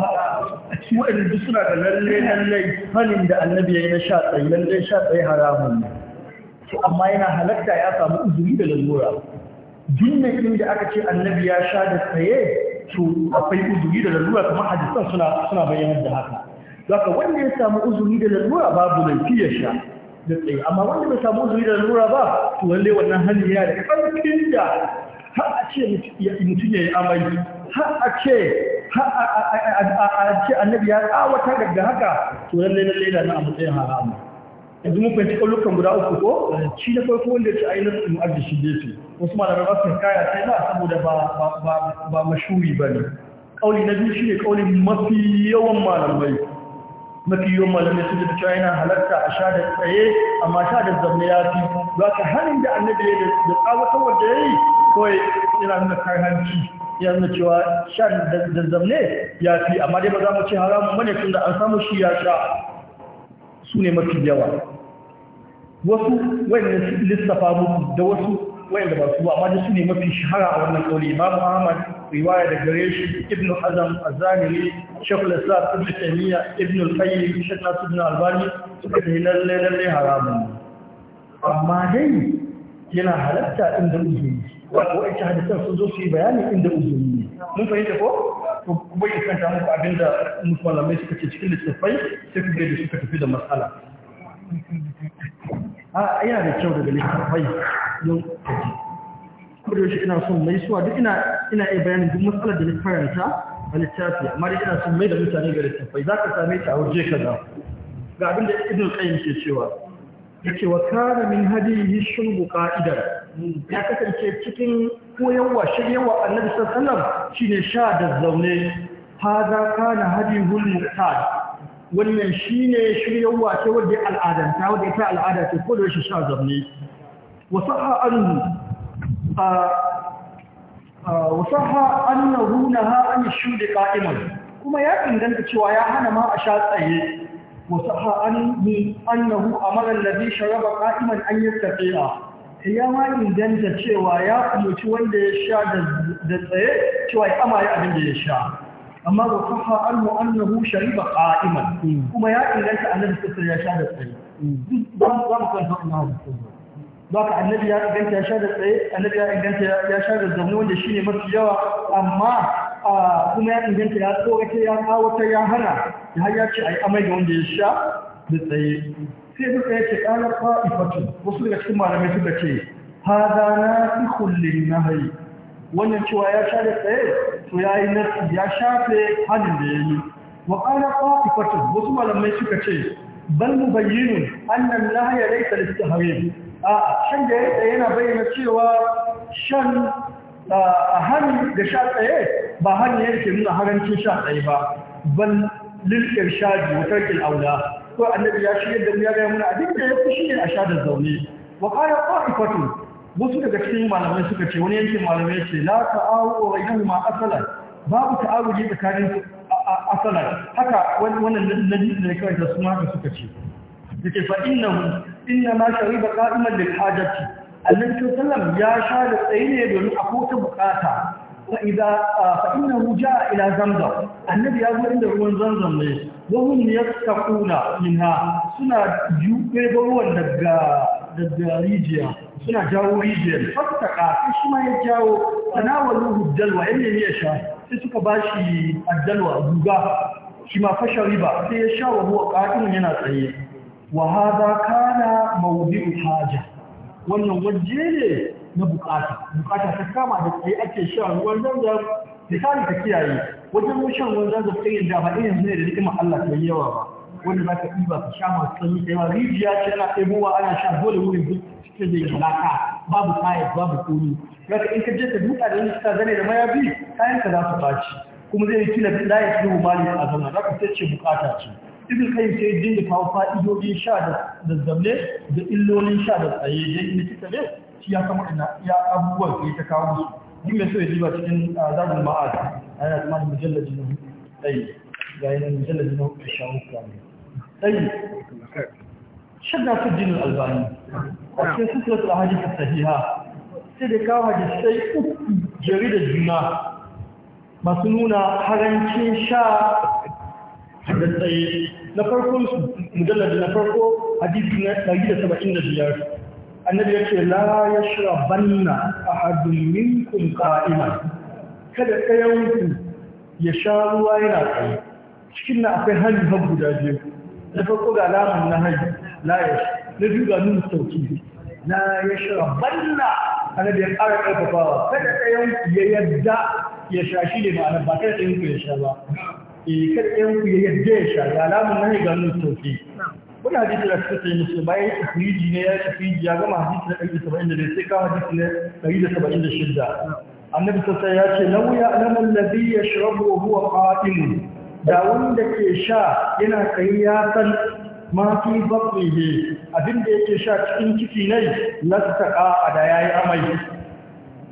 A cikin shi duk suna da lalle lalle halin da annabi ya yi na sha tsaye lalle sha tsaye haramun ne to amma yana halatta ya samu uzuri da lalura jinnan inda aka ce annabi ya sha da tsaye to akwai uzuri da lalura kamar hadisan suna suna bayyana da haka zaka wanda ya samu uzuri da lalura babu laifi ya sha da tsaye amma wanda bai samu uzuri da lalura ba to lalle wannan hali yana da karfin da har a ce mutum ya yi amai har a ce har a ce annabi ya tsawata daga haka to lalle lalle na a matsayin haramu yanzu mun fahimci guda uku ko shi na farko wanda ya ci ayi nasu mu arziki gefe wasu malamai ba su kaya sai ba saboda ba mashuri ba ne ƙauli na biyu shi ne ƙauli mafi yawan malamai mafi yawan malamai sun da cewa yana halarta a sha da tsaye amma sha da zamne ya fi za ka hannun da annabi ya da tsawatar wanda ya yi kawai yana nuna hanci, ya nuna cewa sha da zamne ya fi amma dai ba za mu ce haramun mane tun da an samu shi ya sha su ne mafi yawa wasu wanda su lissafa muku da wasu wanda ba su ba amma da su ne mafi shahara a wannan kauli imam ahmad riwaya da gare shi ibn hazm az-zamiri shaykh al-islam ibn taymiya ibn al-qayyim shaykh nasir ibn albani suka ce lalle lalle haramun amma dai yana halatta inda uzuri wato wai ta hadisan sun zo su yi bayani inda uzuri ne mun fahimta ko Ko kuma ya kanta muku abinda musulmai suka ce cikin littattafai sai ku ga da suka tafi da matsala A'a, yana da kyau daga littattafai don kaji kuma da ina son mai suwa duk ina iya bayanin duk matsalar da na a littafi amma da ina son mai da mutane ga littattafai za ka same ta a waje kaza ga abin da ibn qayyim ke cewa yake wa kana min hadihi shurbu qa'idan ya kasance cikin koyarwa shiryawa annabi sallallahu alaihi wasallam shine sha da zaune hada kana hadihul muqtad wannan shine shiryawa ce wadda al'ada ta wadda ita al'ada ce ko da shi sha zabne wasaha anhu wasaha annahu naha an shudi qa'iman kuma ya inganta cewa ya hana ma a sha tsaye wasaha anhu annahu amara alladhi sharaba qa'iman an yastaqiya ya ma inganta cewa ya umarci wanda ya sha da tsaye cewa ya amaye abin da ya sha amma wa sahha anhu annahu shariba qa'iman kuma ya inganta annabi sallallahu ya sha da tsaye ba ba mu kan fa'ina da ba ka annabi ya inganta ya sha da tsaye annabi ya inganta ya sha da zaune wanda shine mafi yawa amma kuma ya inganta ya tsorata ya kawata ya hana ya har ya ce ai amai da wanda ya sha da tsaye sai suka yake ƙalar fa'ifatu wasu daga cikin malamai suka ce hada na fi kullin nahayi wannan cewa ya sha da tsaye to ya yi nasi ya shafe hannun da ya yi wa ƙwafi ƙwaƙi wasu malamai suka ce bal mu bayyinu annan lahaya laisa da suka hare a shan da ya tsaye yana bayyana cewa shan a hannu da sha tsaye ba hannu ke nuna harancin sha tsaye ba bal lilkir shaji wa tarkil aula ko annabi ya shigar da mu ya ga muna abin da ya fi shi ne a sha da zaune wa ƙwafi fatu wasu daga cikin malamai suka ce wani yankin malamai ce la ta'awu wa ma asalan babu ta'awudi tsakanin asalan haka wannan nabi ne kai da suna haka suka ce yake fa innahu inna ma shariba qa'iman lil hajati annabi sallam ya sha da tsaye ne domin a kota bukata fa idza fa innahu jaa ila zamzam annabi ya zo inda ruwan zamzam ne wa hum yattaquna minha suna juye ruwan daga da rijiya suna jawo rijiyar fattaka sai shi ma ya jawo tanawalu hujjalwa yan ne ya sha sai suka bashi addalwa guga shi ma fasha riba sai ya sha wa huwa yana tsaye wa hadha kana mawdi'u haja wannan waje ne na bukata bukata ta kama da tsaye ake sha ruwan zanzam misali kiyaye wajen shan ruwan zanzam sai da ba irin ne da ni'imar Allah ta yawa ba wanda za ka ɗiba ka sha masu sanyi kai ma rijiya ce ana ɗebowa ana sha dole wurin duk cikin da yi laka babu tayar babu komi zaka in ka je ka duka da wani suka zane da mayafi kayan ka za su baci kuma zai yi kila la ya fi mali a zama za ka tace bukata ce ibn kai sai dinga kawo fa'idodin sha da zamne da illolin sha da tsaye dai likita ne shi ya kama ina ya abubuwan sai ta kawo musu duk mai so ya diba cikin ah, zadun ma'ad ana da malamin mujallaji na hudu ɗaya ga yanar mujallaji na hudu da shawo kamar أي طيب. شدنا في الدين الألباني وفي نعم. سترة الأحاديث الصحيحة سيدك أحد الشيء جريد الجنة ما سنونا حرنشين شاء هذا الشيء نفرقه مجلد نفرقه حديث نجيد سبعين نجيار النبي يقول لا يشربن أحد منكم قائما kada kayan ku ya sha ruwa yana kai cikin na farko ga lamun na hajji na ya na biyu ga nuna sauki na ya shira banna annabi ya ƙara ƙarfafawa kada ɗayan ya yadda ya sha shi ne ma'ana ba kada ɗayan ku ya sha ba eh kada ɗayan ku ya yadda ya sha ga lamun na hajji ga nuna sauki wani hadisi da suka sai musu bayan tafiji ne ya tafiji ya gama hadisi na ɗari saba'in da sai kawo hadisi na ɗari da saba'in da shidda annabi sassa ya ce na alamun labi ya shirabu wa huwa ƙa'imu da wanda ke sha yana kai ya san mafi baƙihe abinda yake sha cikin ciki ne na a da ya yi amai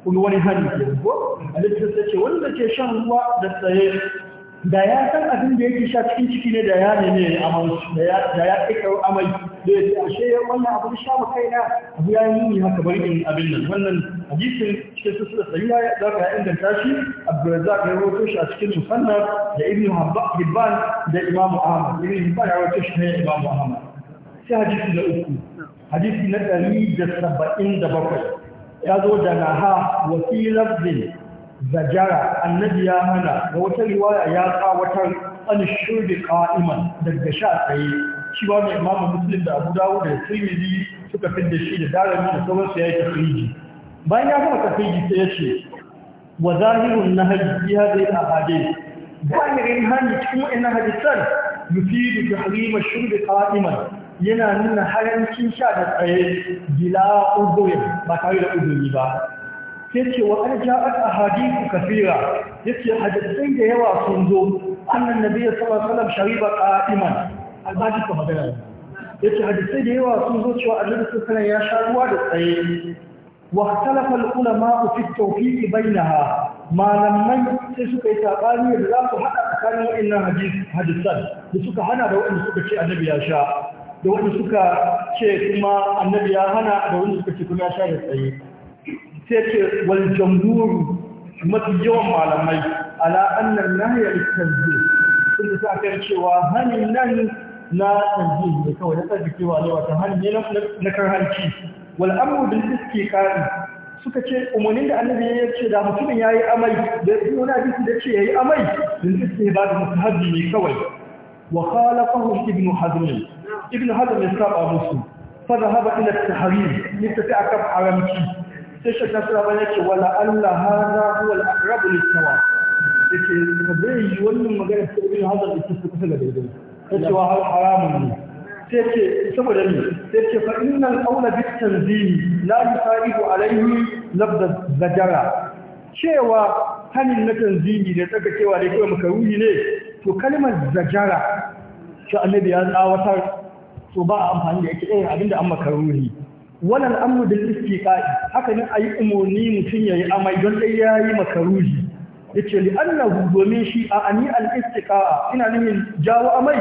kuma wani hannu ke ko halittar ta ce wanda ke shan ruwa da tsaye da ya san abinda yake sha cikin ciki ne da ya neme da ya ƙiƙar amai da ya ce ashe yan wannan abu sha ma kaina abu ya yi nuni haka bari in abin nan wannan hadisin cikin su da sahiha ya zaka ya inganta shi Abdurrazzaq ya rawaito shi a cikin Musannaf da Ibn Hibban da Imam Ahmad Ibn Hibban ya rawaito shi ne Imam Ahmad sai hadisi na uku hadisi na ɗari da saba'in da bakwai ya zo da naha wasilar zin zajara annabi ya hana ga wata riwaya ya tsawatar an shirbi ka'iman daga sha tsaye shi mai imamu muslim da abu dawo da tirmidhi suka da shi da darami da sauransu ya yi tafriji bayan ya gama tafriji sai ya ce wa zahirun na hajji fi hadhihi al-ahadith zahirin hani cikin wa'annan hadisan yufidu tahrima shurbi qa'iman yana nuna harancin sha da tsaye gila ugoyin ba tare da uzuri ba sai ce wa an ja'at ahadithu kafira yace hadisai da yawa sun zo annan nabiyyi sallallahu alaihi wasallam shariba qa'iman albani ka magana ne yace hadisai da yawa sun zo cewa annabi sallallahu ya sha ruwa da tsaye wa ikhtalafa al-ulama fi at-tawfiq bainaha malaman sai suka yi sabani da za su hada tsakanin wa'annan hadisi hadisan da suka hana da wanda suka ce annabi ya sha da wanda suka ce kuma annabi ya hana da wanda suka ce kuma ya sha da tsaye sai ce wal jamhur mafi yawan malamai ala annan nahya al-tanzih sun ta kan cewa hanin nan na tanjih ne kawai na tsarkakewa ne wata hali ne na karhanci wal amru bil istiqari suka ce umarnin da annabi ya ce da mutumin ya yi amai da wani hadisi da ce yi amai bil istihbab mustahabbi ne kawai wa khalafahu ibn hazm ibn hazm ya saba musu ina ta ila at-tahrim yastati akab haramci sai shakka sura ya ce wala allah hadha huwa al-aqrab lis-sawab yake bai wannan magana sai ibn hazm ya kusa ga daidai na cewa haramun ne sai ce saboda ne sai ce fa innal qawla bit tanzim la yusaibu alayhi labda zajara cewa hanin na tanzimi ne tsaka cewa da kawai makaruhi ne to kalmar zajara to annabi ya tsawatar to ba a amfani da yake ɗaya abinda an makaruhi wannan amru bil istiqa'i haka ne ayi umurni mutun yayi amai don dai yayi makaruhi yace li annahu domin shi a ani al ina nimin jawo amai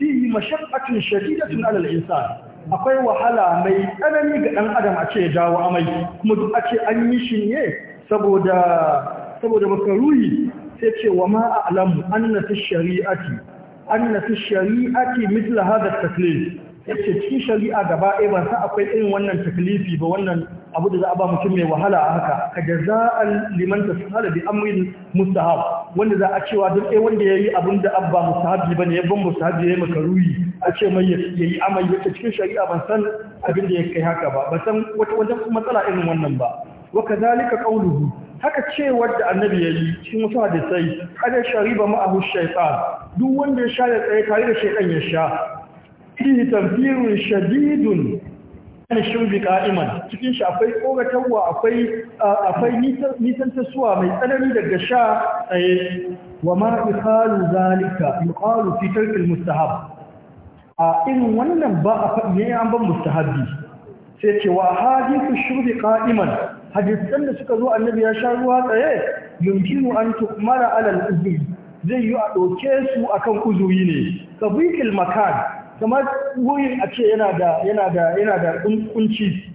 fihi mashaqqatun shadidatun ala al akwai wahala mai tsanani ga ɗan adam a ce jawo amai kuma duk a ce an yi shi ne saboda makaruhi sai ce wa ma a'lamu anna fi shari'ati na fi shari'ati mithla hadha at taklif yace cikin shari'a gaba ɗaya ban san akwai irin wannan taklifi ba wannan abu da za a ba mutum mai wahala a haka ka jaza'an liman tasahhala bi amrin mustahab wanda za a cewa duk ɗaya wanda yayi abin da abba mustahabi bane ya ban mustahabi yayi makaruyi a ce mai yayi amai yace cikin shari'a ban san abin da ya kai haka ba Ba san wata wata matsala irin wannan ba wa kadhalika qawluhu haka cewar da annabi yayi cikin wasu hadisai kada shariba ma'ahu shaytan duk wanda ya sha ya tsaye tare da shaytan ya sha yi tanfirun shadidun kan shirbi ka'iman cikin shi akwai kogatarwa akwai akwai nisan tasuwa mai tsanani daga sha tsaye eh, wa ma iqalu zalika yuqalu fi tarkil mustahab a irin wannan ba a faɗi ne an ban mustahabi sai ce wa hadithu shirbi qa'iman hadisan da suka zo annabi ya sha ruwa tsaye yumkinu an tukmara alal al zai yi a ɗauke su akan uzuri ne kabikil makan kamar wurin a ce yana da da yana da kunci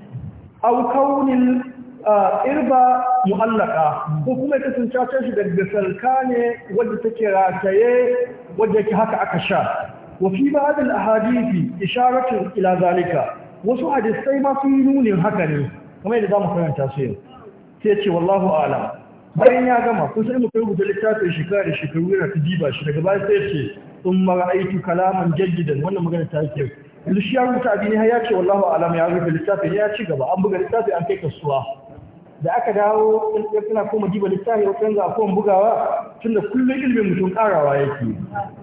irba mu'allaka ko kuma ita sun cace shi daga salka ne wadda take rataye wadda yake haka aka sha wa fi ba'd al ahadithi isharatu ila zalika wasu hadisai ma sun nunin haka ne kamar yadda zamu karanta su yau sai ce wallahu a'lam bayan ya gama ko sai mutum rubuta littafin shekara da shekaru yana ta diba shi daga bayan sai ce sun mara aiki kalaman jaddidan wannan magana ta ke yanzu shi ya rubuta abin ya ce wallahu alam ya rubuta littafin ya ci gaba an buga littafin an kai kasuwa da aka dawo in suna koma diba littafi ko canza ko bugawa tunda kullum ilimin mutum karawa yake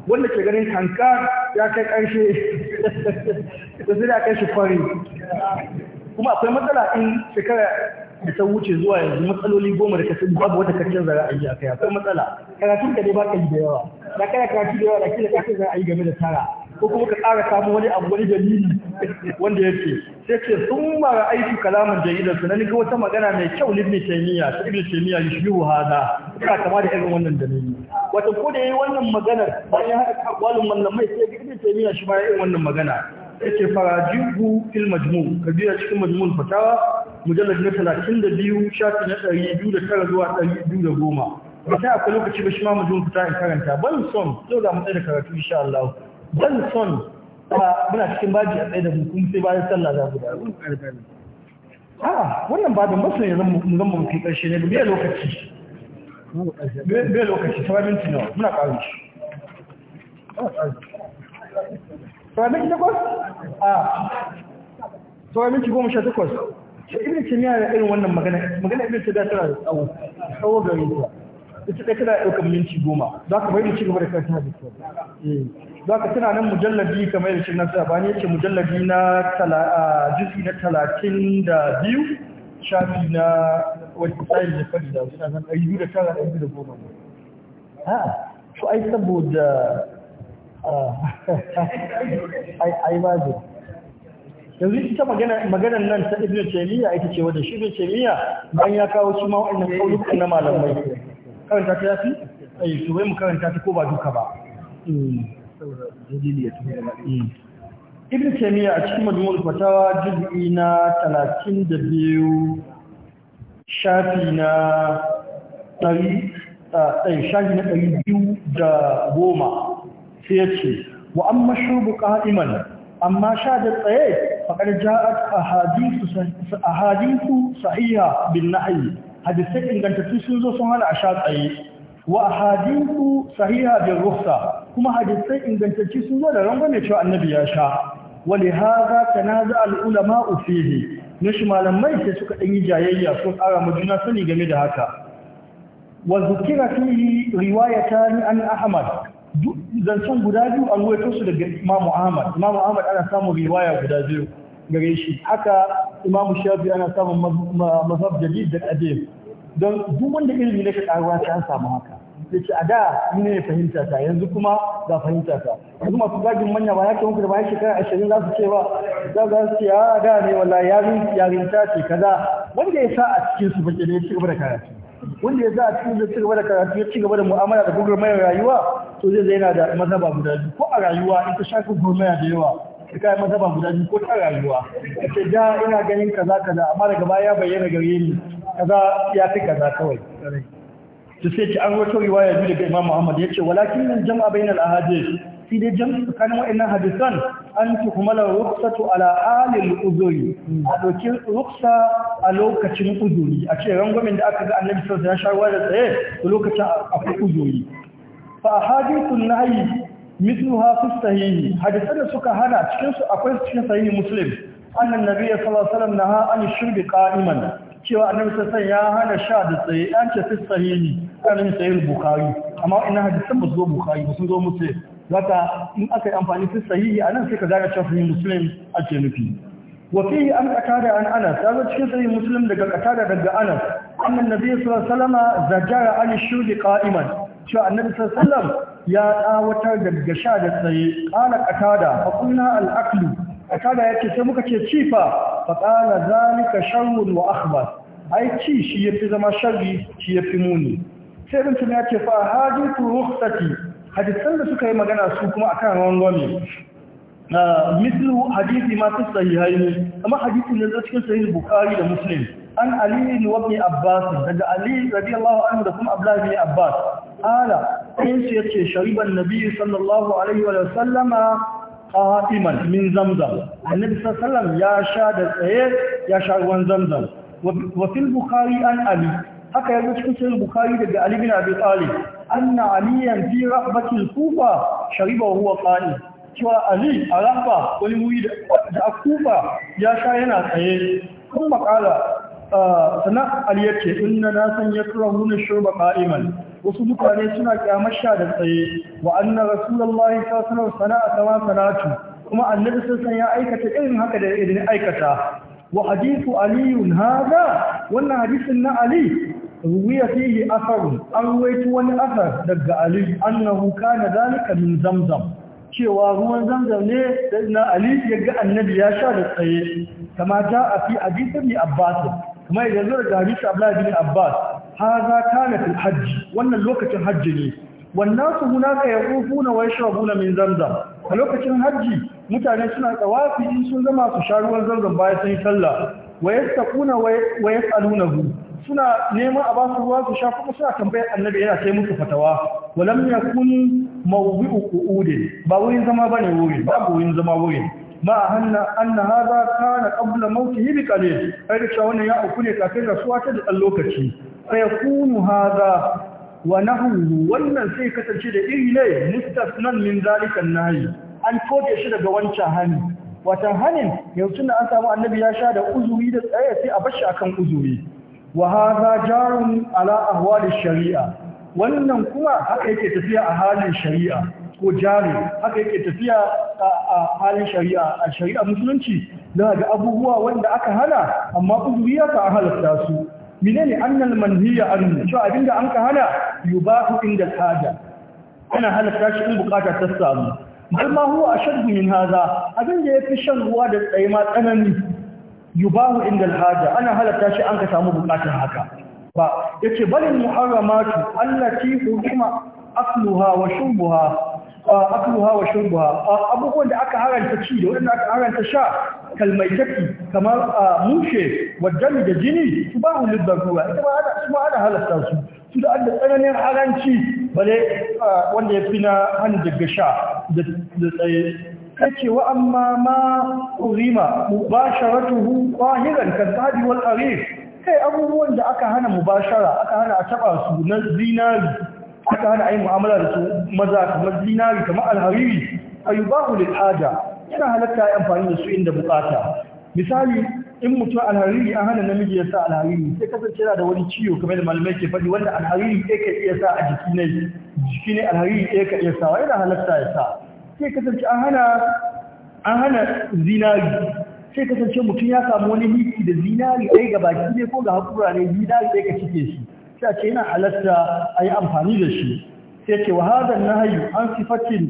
wanda ke ganin kanka ya kai karshe da sai da kai shi fari kuma akwai matsala in shekara da ta wuce zuwa yanzu matsaloli goma da kasu babu wata kacin zara a yi a kai akwai matsala karatun ka dai baka yi da yawa da kana karatu da yawa da kila kacin zara a yi game da tara ko kuma ka ƙara samun wani abu wani dalili wanda ce sai ce sun mara aiki kalaman jaridar su na ga wata magana mai kyau na ibn taimiyya ta taimiyya ya yushbihu hada ta kama da irin wannan dalili wata ko da yi wannan magana bayan haka kwalin mallamai sai ibi taimiyya shi ma yayi wannan magana yake fara jihu ilmajmu ka biya cikin majmun fatawa mujallad na 32 shafi na 209 zuwa 210 ba akwai lokaci ba shi ma majmun fita in karanta ban son yau da mu da karatu insha Allah ban son ba muna cikin baji a tsaye da mu kuma sai bayan sallah za mu dawo a wannan babin ba sun ne mu zama mu kai karshe ne biya lokaci biya lokaci sababin tunawa muna ƙarin shi to miki takwas a to miki goma sha takwas shi ibn timiya da irin wannan magana magana ibn timiya tana da tsawo tsawo gare ta ita da kana ɗaukar minti goma za ka bai bayyana cigaba da karatu na biyu eh. za ka tana nan mujallabi kamar yadda shirin nasa bani yace mujallabi na jisi na talatin da biyu shafi na wani tsayin da fari da suna nan ayi biyu da tara ayi biyu da goma a'a su ai saboda Ah. ai ba zai yanzu ita maganar nan ta ibn taymiya ita ce wadda shi ibn taymiya bayan ya kawo shi ma wannan kaulukan na malamai karanta ta yafi ai to wai mu karanta ta ko ba duka ba hmm. ibn taymiya a cikin majmu'ul fatawa juz'i na 32 shafi na 100 shafi na 210 sai ya ce wa an mashubu qa'iman amma sha da tsaye faqad ja'at a ahadithu Sahiya bin nahy hadisai ingantattu sun zo sun hana a sha tsaye wa ahadithu sahiha bin rukhsa kuma hadisai ingantattu sun zo da rangwame cewa annabi ya sha ولهذا تنازع العلماء Na shi malamai sai suka ɗan yi jayayya sun ƙara juna sani game da haka wa zukira fihi riwayata ni an ahmad zancen guda biyu an ruwaito su daga imamu ahmad imamu ahmad ana samun riwaya guda biyu gare shi haka imamu shafi ana samun mazhab jadid da qadim don duk wanda ilimi na karuwa ta an samu haka da ce a da ni ne fahimta ta yanzu kuma ga fahimta ta yanzu masu gajin manya ba ya ce da bayan shekara ashirin za su ce ba za su ce a da ne wala yarinta ce kaza wanda ya sa a cikin su bakin ya ci gaba da karatu wanda ya sa a cikin zai cigaba da karatu ya cigaba da mu'amala da mayar rayuwa to zai yana da mazaba guda biyu ko a rayuwa in ka shafi gurgurmaya da yawa ka kai mazaba guda biyu ko ta rayuwa ce da ina ganin kaza kaza amma daga baya ya bayyana gare ni kaza ya fi kaza kawai to sai ci an rawaito riwaya biyu daga Imam Muhammad ce walakin jama'a bainal ahadith sai dai jami'i tsakanin wa'annan hadisan an kuma la ruksatu ala halil uzuri a ɗauki ruksa a lokacin uzuri a ce rangwamin da aka ga annabi sallallahu alaihi wasallam ya shawara da tsaye lokacin akwai uzuri fa ahadithun nahyi mithluha fi sahihi hadisan da suka hana cikin su akwai cikin sahihi muslim anna nabiyyi sallallahu alaihi wasallam naha an shurbi qa'iman cewa annabi sallallahu alaihi wasallam ya hana sha da tsaye an ce fi sahihi kan sahih bukhari amma ina hadisan ba zo bukhari ba sun zo muslim zaka in aka yi amfani fi sahihi anan sai ka gane cewa sahih ake nufi wa an qatada an anas ya zo cikin sahih muslim daga katada daga anas annan nabi sallallahu alaihi wasallam zajara an shudi qa'iman cewa annabi sallallahu alaihi ya tsawatar daga sha da tsaye qala katada fa qulna al aqlu ya yace sai muka ce cifa fa qala zalika sharrun wa akhbar ai ci shi yafi zama sharri shi yafi muni sai bin ya ce fa hadithu rukhsati hadisan da suka yi magana su kuma akan rangwame na mislu hadisi ma fi sahihaini amma hadisi ne da cikin sahih bukhari da muslim an ali ibn wabni abbas daga ali radiyallahu anhu da kuma abdullah ibn abbas ala in shi yace shariban nabi sallallahu alaihi wa sallama qatiman min zamzam annabi sallallahu ya sha da tsaye ya sha ruwan zamzam wa fil bukhari an ali haka yazo cikin sahih bukhari daga ali ibn abi talib anna aliyan fi rahbatil kufa shariba huwa qani cewa ali a rahba wani wuri da a kufa ya sha yana tsaye kun makala sana ali yace inna na san yakrahuna shurba qa'iman wasu mutane suna kyamar sha da tsaye wa anna rasulullahi sallallahu alaihi wasallam sana'a kama sanatu kuma annabi sassan ya aikata irin haka da irin aikata wa hadithu aliyun hada wannan hadisin na ali ruwiya fihi asarun an ruwaito wani asar daga ali annahu kana zalika min zamzam cewa ruwan zamzam ne na ali ya ga annabi ya sha da tsaye kama ta a fi hadisi ne abbas kuma idan zuwa ga hadisi abdullahi bin abbas haza kana fil hajj wannan lokacin hajji ne wannan su hunaka yaqufuna wa yashrabuna min zamzam a lokacin hajji mutane suna tsawafi in sun zama su sha ruwan zamzam bayan sun yi sallah wa yastaquna wa yas'alunahu suna neman a basu ruwa su sha kuma suna tambayar annabi yana sai musu fatawa walam yakun mawdi'u qu'ud ba wurin zama bane wurin ba wurin zama wurin ma hanna anna hadha kana qabla mawtihi bi qalil ai da wannan ya auku ne kafin rasuwa ta da lokaci sai kunu hadha wa nahu wannan sai kasance da iri ne mustafnan min zalika nahi an koke shi daga wancan hani Wata hanin yau tunda an samu annabi ya sha da uzuri da tsaye sai a bashi akan uzuri wa hadha jarun ala ahwali shari'a wannan kuma haka yake tafiya a halin shari'a ko jari haka yake tafiya a halin shari'a a shari'a musulunci za ga abubuwa wanda aka hana amma uzuri ya ka halatta su menene annal manhiya an cewa an ka hana yubahu inda haja ana halatta shi in bukata ta samu bal ma huwa ashaddu min hadha abinda yafi shan ruwa da tsayi ma tsanani yubahu inda alhaja ana halatta shi an ka samu bukatar haka ba yace balil muharramatu allati hurima asluha wa shurbuha akluha wa shurbuha abubuwan da aka haranta ci da wanda aka haranta sha kalmaitaki kamar mushe wajen da jini su ba hulun barura ita ba ana su ana halatta su su da da tsananin haranci bale wanda ya fi na hannu daga sha da tsaye kace wa amma ma urima mubasharatuhu qahiran kan tadi wal arif kai abubuwan da aka hana mubashara aka hana a taba su na zinari aka hana ayi mu'amala da su maza kamar zinari kamar alhariri ayubahu lil haja yana halatta ya amfani da su inda bukata misali in mutum alhariri an hana namiji ya sa alhariri sai kasance yana da wani ciwo kamar da malamai ke faɗi wanda alhariri ɗaya ka iya sa a jiki ne jiki ne alhariri ɗaya ka iya sa yana halatta ya sa sai kasance an hana zinari sai kasance mutum ya samu wani hiki da zinari ɗaya ga baki ne ko ga haƙura ne zinari ɗaya ka cike shi sai ce yana halatta a yi amfani da shi sai ce wa hadan na hayu an sifatin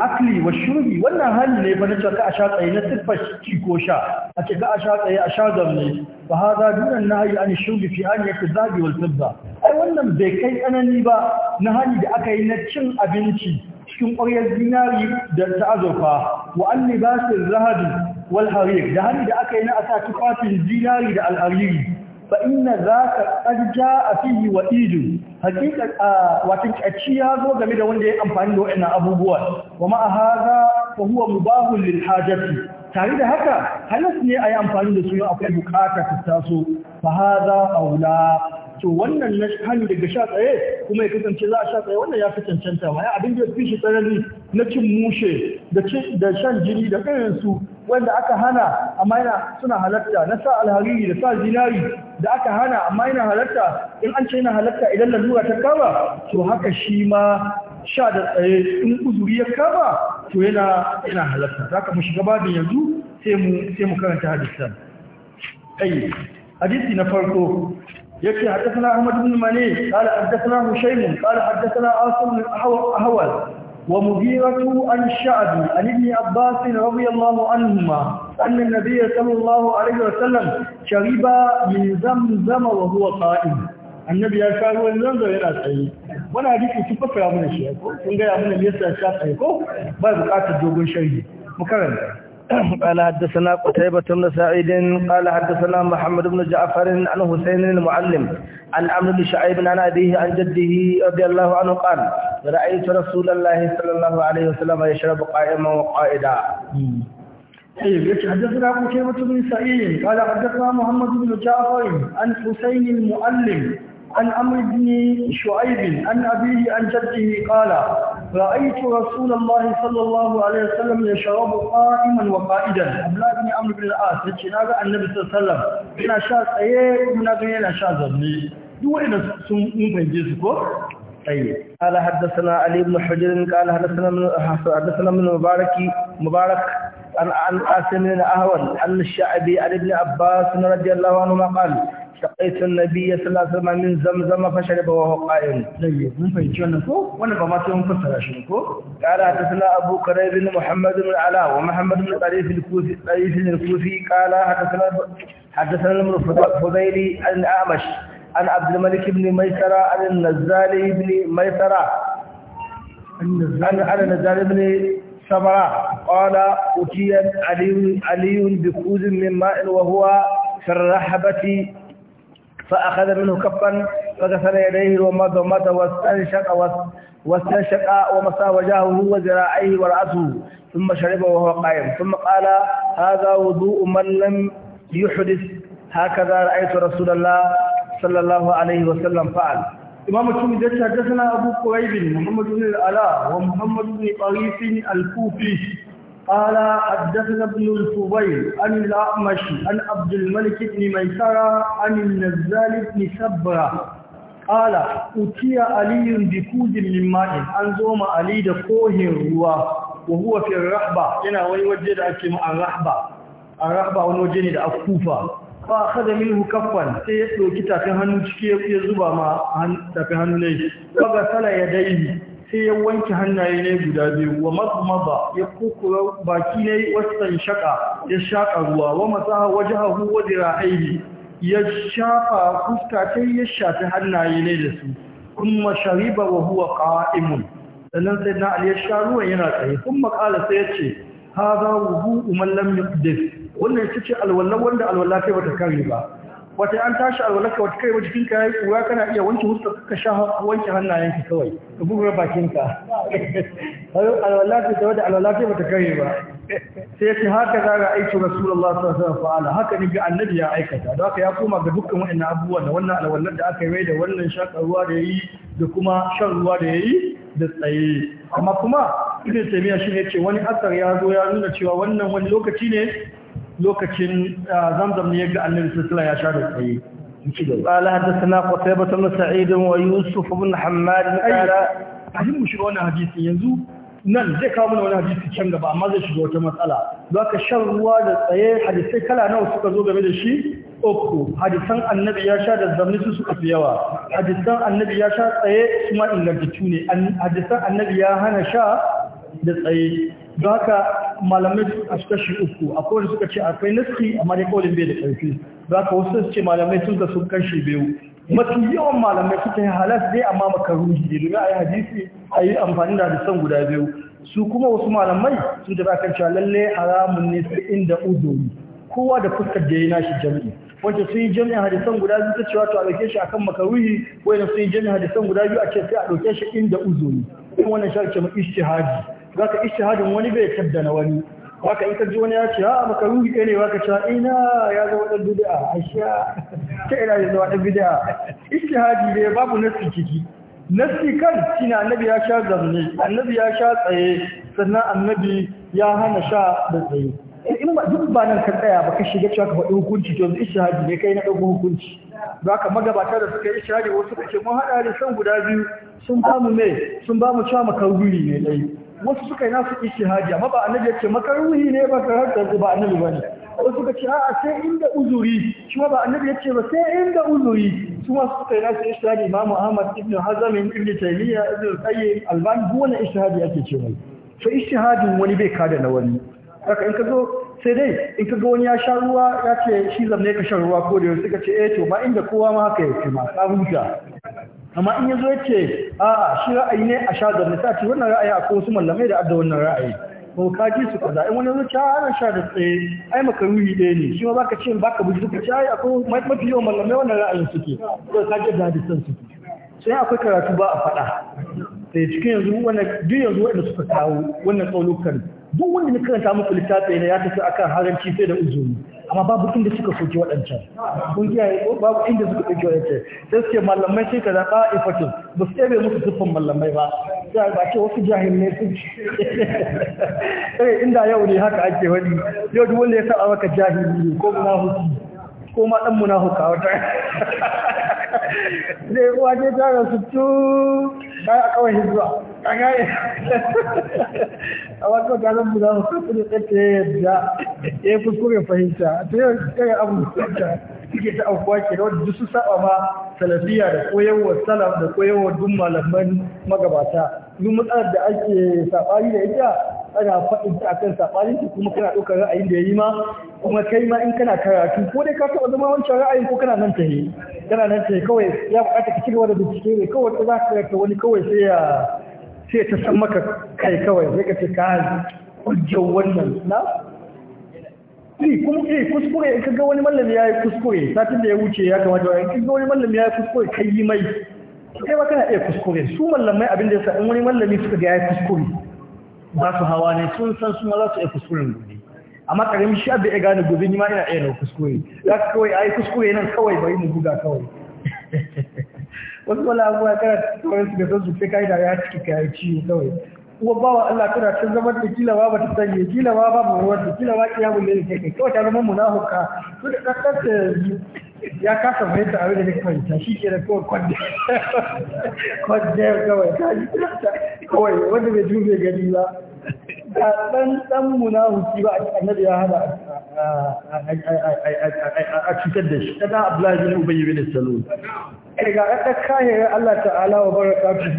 akli wa shuri wannan hali ne fa na cewa ka a sha tsaye na siffar ci ko sha a ce ka a sha tsaye a sha gamne ba ha dunan na hayi an shuri fi an yake zabi wal fidda ai wannan bai kai tsanani ba na hali da aka yi na cin abinci cikin ƙwaryar zinari da ta azurfa wa an libasin zahadi wal harir da hannu da aka yi na asa tufafin zinari da alhariri ba inna za ka ƙarja a fiye wa idu hakika watan ƙaci ya zo game da wanda ya amfani da waɗannan abubuwan wa ma'a haza fa huwa mubahun lil hajati tare da haka halas ne a yi amfani da su yau akwai bukata ta taso fa haza aula to wannan na hannu daga sha tsaye kuma ya kasance za a sha tsaye wannan ya fi cancanta ma ya abin da ya fi shi tsarari na cin mushe da shan jini da su wanda aka hana amma yana suna halatta na sa alhariri da sa zinari da aka hana amma yana halatta in an ce yana halatta idan lalura ta kama to haka shi ma sha da tsaye in uzuri ya kama to yana halatta za ka mu shiga babin yanzu sai mu karanta hadisan hadisi na farko يكي حدثنا أحمد بن مني قال حدثنا هشيم قال حدثنا عاصم الأحول ومغيرة عن الشعب عن ابن عباس رضي الله عنهما أن النبي صلى الله عليه وسلم شرب من زمزم وهو قائم annabi ya sha ruwan zanzan yana tsaye wani hadisi sun fassara mana shi ko sun gaya mana me yasa ya sha tsaye ko ba buƙatar dogon sharhi mu karanta قال حدثنا قتيبة بن سعيد قال حدثنا محمد بن جعفر عن حسين المعلم عن عمرو بن شعيب عن أبيه عن جده رضي الله عنه قال رأيت رسول الله صلى الله عليه وسلم يشرب قائما وقائدا أيه حدثنا قتيبة بن سعيد قال حدثنا محمد بن جعفر عن حسين المعلم عن عمرو بن شعيب عن أبيه عن جده قال رأيت رسول الله صلى الله عليه وسلم يشرب قائما وقائدا أبلا بن عمرو بن العاص عن النبي صلى الله عليه وسلم إن شاء أيه من أغني إن شاء ذنبي دو إن سنفن جيسكو طيب قال حدثنا علي بن حجر قال حدثنا من حدثنا من مبارك مبارك عن عن عاصم بن أهون عن الشعبي عن ابن عباس رضي الله عنهما قال شقيت النبي صلى الله عليه وسلم من زمزم فشرب وهو قائم طيب من فهمت abu qurayb bin muhammad bin ala wa muhammad bin tarif al-kufi tarif al-kufi qala hadathana hadathana al-fudayli amash an abd al-malik an-nazali ibn maysara an-nazali ibn sabra qala utiya ali min الرحبة فأخذ منه كفا فغسل يديه ومضى ومضى واستنشق واستنشق ومسى وجهه وذراعيه ورأسه ثم شرب وهو قائم ثم قال هذا وضوء من لم يحدث هكذا رأيت رسول الله صلى الله عليه وسلم فعل إمام الترمذي حدثنا أبو قريب محمد بن العلاء ومحمد بن طريف الكوفي قال حدثنا ابن الفضيل عن الأعمش عن عبد الملك بن ميسرة عن النزال بن سبرة قال أتي علي بكوز من ماء أنزوم علي دقوه الروا وهو في الرحبة هنا ويوجد أكيم الرحبة الرحبة ونوجد أكوفة فأخذ منه كفا سيسلو كتاك هنو شكير يزبا ما تاك هنو ليش فغسل يديه sai ya wanke hannaye ne guda biyu wa mazmaza ya kukura baki ne wasan shaka ya shaka ruwa wa masaha wajahu wa dira'aihi ya shafa fuska ta ya shafi hannaye ne da su kuma shariba wa huwa qa'imun sannan sai na ali ya sha ruwan yana tsaye kuma kala sai ya ce hadha wudu'u man lam yuqdis wannan ce alwala wanda alwala kai bata kare ba wata an tashi alwalaka wata kai jikin ka Uwa kura kana iya wanke huska ka sha wanke hannayen ka kawai ka bugura bakin ka alwalaka da alwalaka ba bata kare ba sai yake haka za a aiki rasulullah sallallahu alaihi fa'ala. haka ne ga annabi ya aikata Da haka ya koma ga dukkan wa'annan abubuwa da wannan alwalar da aka yi da wannan shakar ruwa da yi da kuma shan ruwa da yi da tsaye amma kuma ibn taymiya shine yace wani asar ya zo ya nuna cewa wannan wani lokaci ne lokacin ah, zamzam ne ga annabi sallallahu ya sha da tsaye قال حدثنا قتيبة بن wa yusuf ibn حماد قال ajin mushi wannan hadisi yanzu. nan zai kawo mana wani hadisi can gaba amma zai shiga wata matsala za ka shan ruwa da tsaye hadisai kala nawa suka zo game da shi uku hadisan annabi ya sha da zamni su suka fi yawa hadisan annabi ya sha tsaye su ma ingantattu ne hadisan annabi ya hana sha da tsaye don haka malamai a kashi uku akwai kowane suka ce a akwai naski amma dai kawalin bai da ƙarfi don haka wasu su ce malamai sun da sun kashi biyu mafi yawan malamai suka yi halas dai amma makaruhi ne domin a yi hadisi a yi amfani da hadisan guda biyu su kuma wasu malamai sun tafi zakar cewa lalle haramun ne sai inda uzuri kowa da fuskar da ya yi nashi jami'i wacce sun yi jami'in hadisan guda biyu ta cewa to a ɗauke shi akan makaruhi wani sun yi jami'in hadisan guda biyu a ce sai a ɗauke shi inda uzuri kuma wannan shi ake ma ishtihadi za ka ishahadin wani bai tabda na wani Ba ka ka ji wani ya ce ha ah, maka rungi ɗaya ne ka cewa ina ya zama ɗan bid'a ashiya ta ina ya zama ɗan bid'a ishahadi ne babu nasi ciki nasi kan shine annabi ya sha zamne annabi ya sha tsaye sannan annabi ya hana sha da tsaye in ba duk ba nan ka tsaya ba ka shiga cewa ka faɗi hukunci to yanzu ishahadi ne kai na ɗauko hukunci za ka magabata da suka yi ishahadi wasu ka ce mun haɗa da san guda biyu sun ba mu me sun ba mu cewa makaruri ne ɗaya wasu suka yi nasu ishihadi amma ba annabi ya ce makaruhi ne ba karanta ba annabi ba ne wasu suka ce a'a sai inda uzuri shi ba annabi yace ba sai inda uzuri su ma suka yi nasu ishtihadi imamu ahmad ibn hazam ibn taymiya ibn qayyim alban duk ishi ishtihadi ake ce mai ishi ishtihadin wani bai kada na wani haka in ka zo sai dai in ka ga wani ya sha ruwa ya ce shi zamne ka shan ruwa ko da yau suka ce eh to ma inda kowa ma haka yake ma ka huta amma in yazo yake a shi ra'ayi ne a sha da misali wannan ra'ayi a kowace mallamai da adda wannan ra'ayi ko ka ji su kaza in wani zuciya ana sha da tsaye ai makaruhi ɗaya ne shi ma baka ce baka buji duka ce ai akwai mafi yawan mallamai wannan ra'ayin suke ko ka ji da hadisan suke sai akwai karatu ba a faɗa sai cikin yanzu wannan duk yanzu wanda suka kawo wannan tsaunukan duk wanda na karanta muku littafi ne ya tafi akan haranci sai da uzuri amma babu inda suka soke waɗancan kun kiyaye ko babu inda suka soke waɗancan sai suke malamai sai ka zaɓa ifatin ba su ɗebe musu tuffan malamai ba sai ba ce wasu ne sun eh inda yau ne haka ake wani yau duk wanda ya saba maka jahili ko hutu ko ma ɗan munafuka wata zai kuwa ce ta rasu tu bayan a kawai hizuwa a gaya a wakon ta zan munafuka su ne tsaye yadda ya yi kuskure fahimta ta yau kare abu da suke ta aukuwa ke da duk su saba ma salafiya da koyarwa salaf da koyarwa duk malaman magabata duk matsalar da ake saɓani da ita kana faɗin ta akan saɓanin ki kuma kana ɗaukar ra'ayin da ya yi ma kuma kai ma in kana karatu ko dai ka taɓa zama wancan ra'ayin ko kana nan ta yi kana nan ta yi kawai ya buƙata ka cigaba da bincike ne kawai ta za ka karanta wani kawai sai ya sai ta san maka kai kawai sai ka ce ka hujjar wannan na Ni eh, kuma eh kuskure in kaga wani mallami ya yi kuskure satin da ya wuce ya kamata in kaga wani mallami ya yi kuskure kai yi mai kai ma kana iya kuskure su mallamai abin da sa in wani mallami suka ga ya yi kuskure ba su hawa ne sun san suna za su iya kuskuren gobe amma ƙaramin shi abu ya gane gobe ni ma ina iya na kuskure za kawai a yi kuskure nan kawai bai mu buga kawai wasu wala abuwa kana kawai su gasar su sai kai da ya ciki kayan ciwo kawai ba bawa Allah tana ta zama da kilawa ba ta sanya kilawa ba ba wanda da kilawa kiyamun ya kai kawai ta zama munafuka su da ɗan ɗan ya kasa fahimta abin da kawai, ta shi ke da kawai kwadda kwadda kawai ta yi. kawai wanda bai jube gani ba ga dan dan hutu ba annabi ya hada a cutar da shi kada Abdullahi bin Ubay bin Salul ga ɗan kahirar Allah ta'ala wa baraka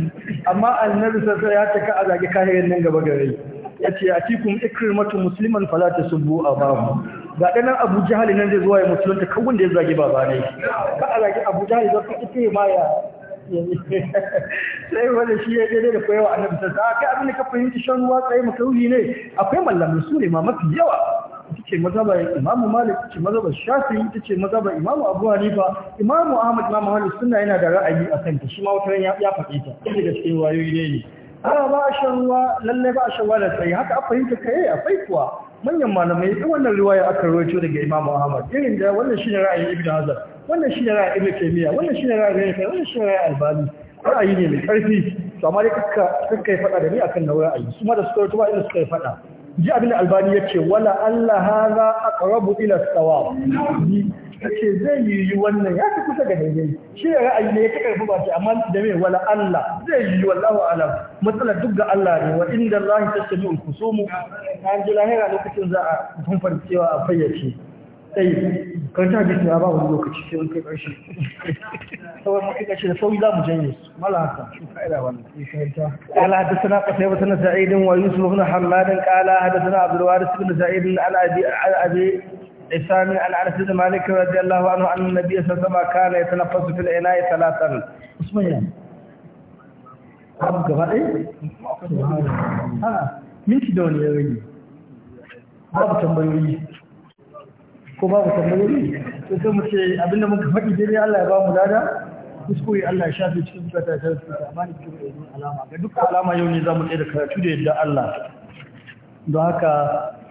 amma annabi sassa ya ka a zage kahirar nan gaba gare ya ce a cikin ikirmatu musulman falata subu a babu ga ɗanar abu jihali nan zai zuwa ya musulunta kan wanda ya zage baba ne ka a zage abu jihali zaka ita ma ya sai wanda shi ya daidai da koyawa annabi ta ka kai abin da ka fahimci shan ruwa tsaye makaruhi ne akwai mallamin su ne ma mafi yawa ita ce ba imamu malik ita ce ba shafi ita ce ba imamu abu hanifa imamu ahmad imamu halin suna yana da ra'ayi a kanta shi ma wata ya faɗi ta ita da cikin wayoyi ne ne ah, ba a shan ruwa lallai ba a shan ruwa da tsaye haka a fahimta kai eh, akwai kuwa manyan malamai duk wannan riwaya aka rawaito daga Imam Muhammad irin da wannan shine ra'ayin Ibn Hazm wannan shine ra'ayin Ibn Taymiyyah wannan shine ra'ayin Ibn wannan shine ra'ayin Albani ra'ayi ne mai ƙarfi to amma dai kakka kakka ya fada da ni akan nauyin ra'ayi kuma da suka rawaito ba inda suka fada ji abin Albani yace wala Allah hadha aqrabu ila as-sawab ka ce zai yi wannan ya fi kusa ga daidai shi ya ra'ayi ne ya fi karfi ba ce amma da mai wala Allah zai yi wallahu alam matsalar duk ga Allah ne wa inda Allah ta ce mu kusumu an ji lahira lokacin za a kumfar cewa a fayyace sai karanta da ta ba wani lokaci sai wani kai karshe sauran mu kika ce da sauyi za mu janye su mala haka shi fa'ida wannan qala hadathana qatayba bin sa'id wa yusuf bin hammad qala hadathana abdul waris bin sa'id an abi الثاني عن انس بن مالك رضي الله عنه ان النبي صلى الله عليه وسلم كان يتنفس في الاناء ثلاثا اسمه ايه abu gaba ɗaya a minti da wani babu tambayoyi ko babu tambayoyi to sai mu abinda muka faɗi dai Allah ya ba mu lada kuskure Allah ya shafe cikin bukata ta rufe ta amani cikin da alama ga alama yau ne za mu tsaye da karatu da yadda Allah do haka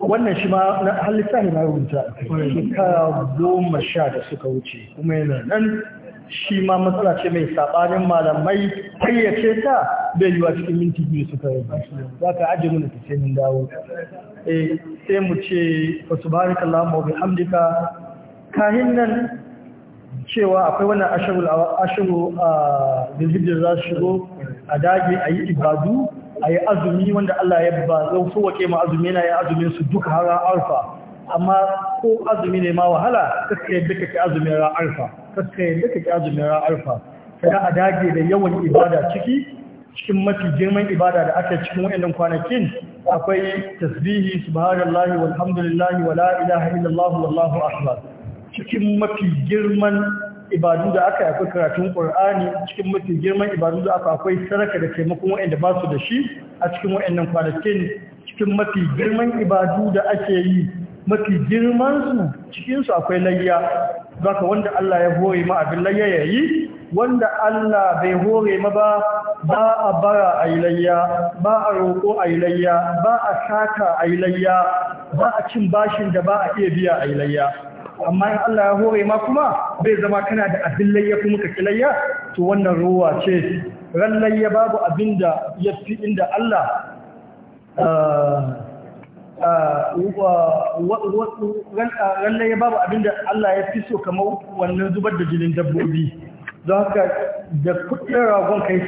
wannan shi ma na halitta ne na rubuta shekara goma sha da suka wuce kuma yana nan shi ma matsala ce mai saɓanin malamai fayyace ta bai yiwa cikin minti biyu suka yi za ka ajiye mana ta sai mun dawo eh, sai mu ce wasu barikallahu wa bihamdika kahin nan cewa akwai wannan ashiru a da za su shigo a dage a yi ibadu a yi azumi wanda Allah ya ba zan kowace ma azumi yana yi azumin su duka har arfa amma ko azumi ne ma wahala kaska yadda kake azumin ra arfa kaska yadda kake azumin ra arfa kada a dage da yawan ibada ciki cikin mafi girman ibada da aka cikin wayannan kwanakin akwai tasbihi subhanallahi walhamdulillahi wala ilaha illallah wallahu akbar cikin mafi girman ibadu da aka yafi karatun Qur'ani cikin mafi girman ibadu da aka akwai saraka da taimakon waɗanda ba su da shi a cikin waannan kwanakin cikin mafi girman ibadu da ake yi mafi girman su cikin su akwai layya zaka wanda Allah ya hore ma abin layya yayi wanda Allah bai hore ma ba ba a bara a yi layya ba a roƙo a yi layya ba a saka a layya ba a cin bashin da ba a iya biya a layya amma in Allah ya hore ma kuma bai zama kana da abin layya kuma ka kilayya to wannan ruwa ce ran layya babu abin da ya fi inda Allah ah, ah, ah, ran layya babu abin da Allah ya fi so kamar wannan zubar da jinin dabbobi da kudin ragon ka yi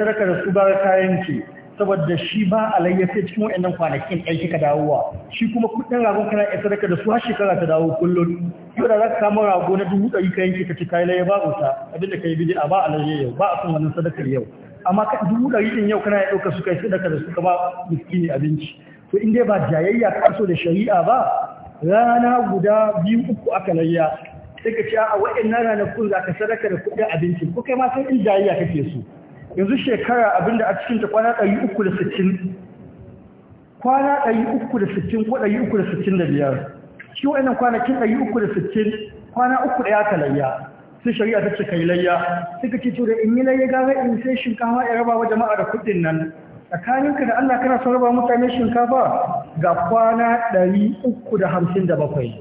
su ba kayan ki saboda shi ba a sai cikin wa'annan kwanakin ɗan kika dawowa shi kuma kuɗin ragon kana ya sadaka da su har shekara ta dawo kullum yau da za ka samu rago na dubu ɗari ka yanke ka ci kayan laye ba wuta abinda ka yi bidi a ba alayya yau ba a son wannan sadakar yau amma ka dubu ɗari ɗin yau kana ya ɗauka su kai sadaka da suka ba miskini abinci to in dai ba jayayya ka so da shari'a ba rana guda biyu uku aka layya sai ka ce a wa'annan ranakun za ka sadaka da kuɗin abinci ko kai ma sai in jayayya kake so yanzu shekara abinda a cikin ta kwana 360 kwana 360 ko biyar, shi wa'annan kwanakin 360 kwana uku ɗaya ya layya, sai shari'a ta ce kai layya sai ce to da in yi layya gawa in sai shinkafa ya raba wa jama'a da kuɗin nan tsakaninka da Allah kana son raba mutane shinkafa ga kwana 357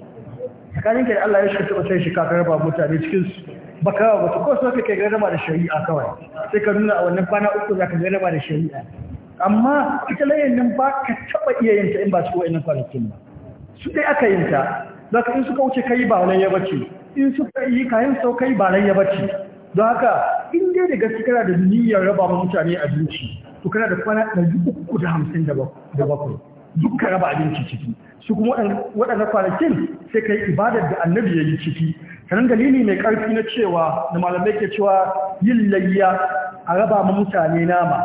tsakanin ke da Allah ya taɓa wata shi ka raba mutane cikin su kawo ba su ko sai kai raba da shari'a kawai sai ka nuna a wannan kwana uku za ka raba da shari'a amma ita layin nan ba ka taba iya yin ta in ba cikin wa'annan kwanakin ba su dai aka yin ta za ka in suka wuce kai ba wani ya bace in suka yi kayan sau kai ba nan ya bace don haka in dai da gaske kana da niyyar raba mutane abinci to kana da kwana ɗari uku da hamsin da bakwai duk ka raba abinci ciki shi kuma waɗanda kwanakin sai ka yi ibadar da annabi ya yi ciki kanan dalili mai ƙarfi na cewa da malamai ke cewa yin layya a raba ma mutane nama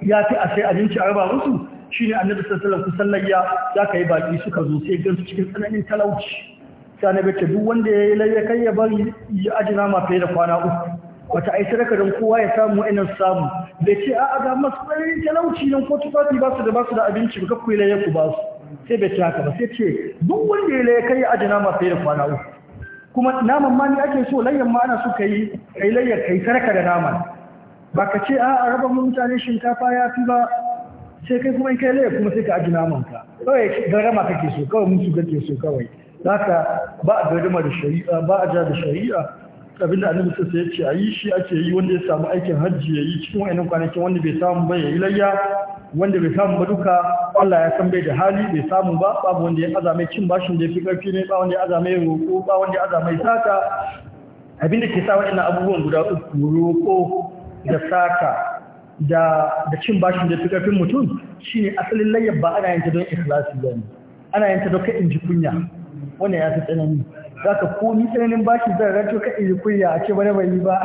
ya fi a sai abinci a raba musu shi ne annabi sassalar kusan layya ya ka yi baƙi suka zo sai gan su cikin tsananin talauci sai na bace duk wanda ya yi layya kan ya bari ya aji nama fiye da kwana uku wata ai sadaka don kowa ya samu wa'annan samu bai ce a'a ga masu tsananin talauci nan ko tufafi ba su da ba su da abinci ba kakwai layya ku ba su sai bai ci ba sai ce duk wanda ya laye kai aji nama sai da kwana uku kuma naman ma ni ake so layyan ma ana so ka yi kai layyar kai sarka da naman ba ka ce a raba mutane shinkafa ya fi ba sai kai kuma in kai layyar kuma sai ka aji naman ka kawai garama kake so kawai mutu kake so kawai zaka ba a da shari'a ba a ja da shari'a abin da annabi sassa ya ce a yi shi ake yi wanda ya samu aikin hajji ya yi cikin wa'annan kwanakin wanda bai samu ba ya yi layya wanda bai samu ba duka Allah ya san bai da hali bai samu ba babu wanda ya azame cin bashin da ya fi ƙarfi ne ba wanda ya azame roƙo ba wanda ya azame saka abin da ke sa wa'annan abubuwan guda uku roƙo da saka da da cin bashin da ya fi ƙarfin mutum shine asalin layyar ba ana yin ta don ikhlasi ba ana yin ta don kai in ji kunya wannan ya fi tsanani za ka ko ni tsananin bashi zan ranto ka iri kunya a ce bane bai yi ba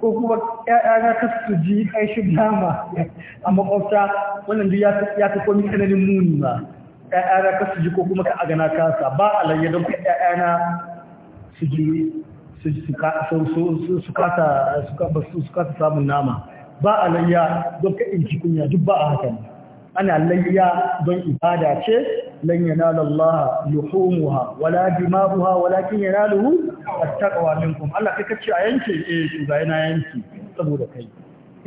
ko kuma ƴaƴana ka su ji shi nama a makwabta wannan duk ya ka komi tsananin muni ba ƴaƴana ka su ji ko kuma ka na kasa ba a lalle don ka ƴaƴana su ji su kasa samun nama ba a layya don ka in ci kunya duk ba a haka ne ana layya don ibada ce lan yanalallaha luhumuha wala dima'uha walakin yanaluhu at-taqwa minkum Allah kai kace a yanke eh to ga yana yanki saboda kai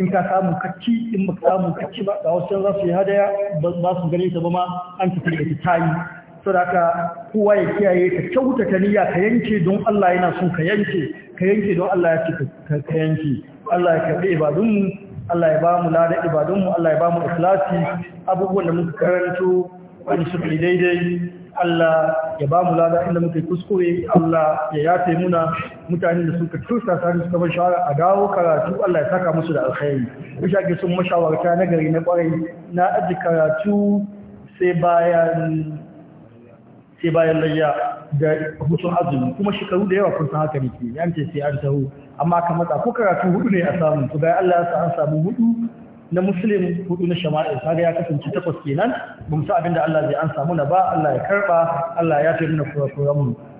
in ka samu kacci in ba samu kacci ba ga wasu za su yi hadaya ba su gane ta ba ma an tafi da ta yi saboda kowa ya kiyaye ka ta niyya ka yanke don Allah yana son ka yanke ka yanke don Allah ya ce ka yanke Allah ya karbi ibadunmu Allah ya ba mu lada ibadunmu Allah ya ba mu ikhlasi abubuwan da muka karanto wani su daidai Allah ya ba mu lada inda muka kuskure Allah ya yafe muna mutane da suka tusa sani suka bar shawara a dawo karatu Allah ya saka musu da alkhairi bisa ga sun mashawarta na gari na ƙwarai, na aji karatu sai bayan sai bayan layya da hutun azumi kuma shekaru da yawa kun san haka ne yanke sai an taho amma ka matsa ko karatu hudu ne a samu to bayan Allah ya sa an samu hudu na muslim hudu na shama'il kaga ya kasance takwas kenan bamu sa abinda Allah zai an samu na ba Allah ya karba Allah ya tayi mana kurakuran mu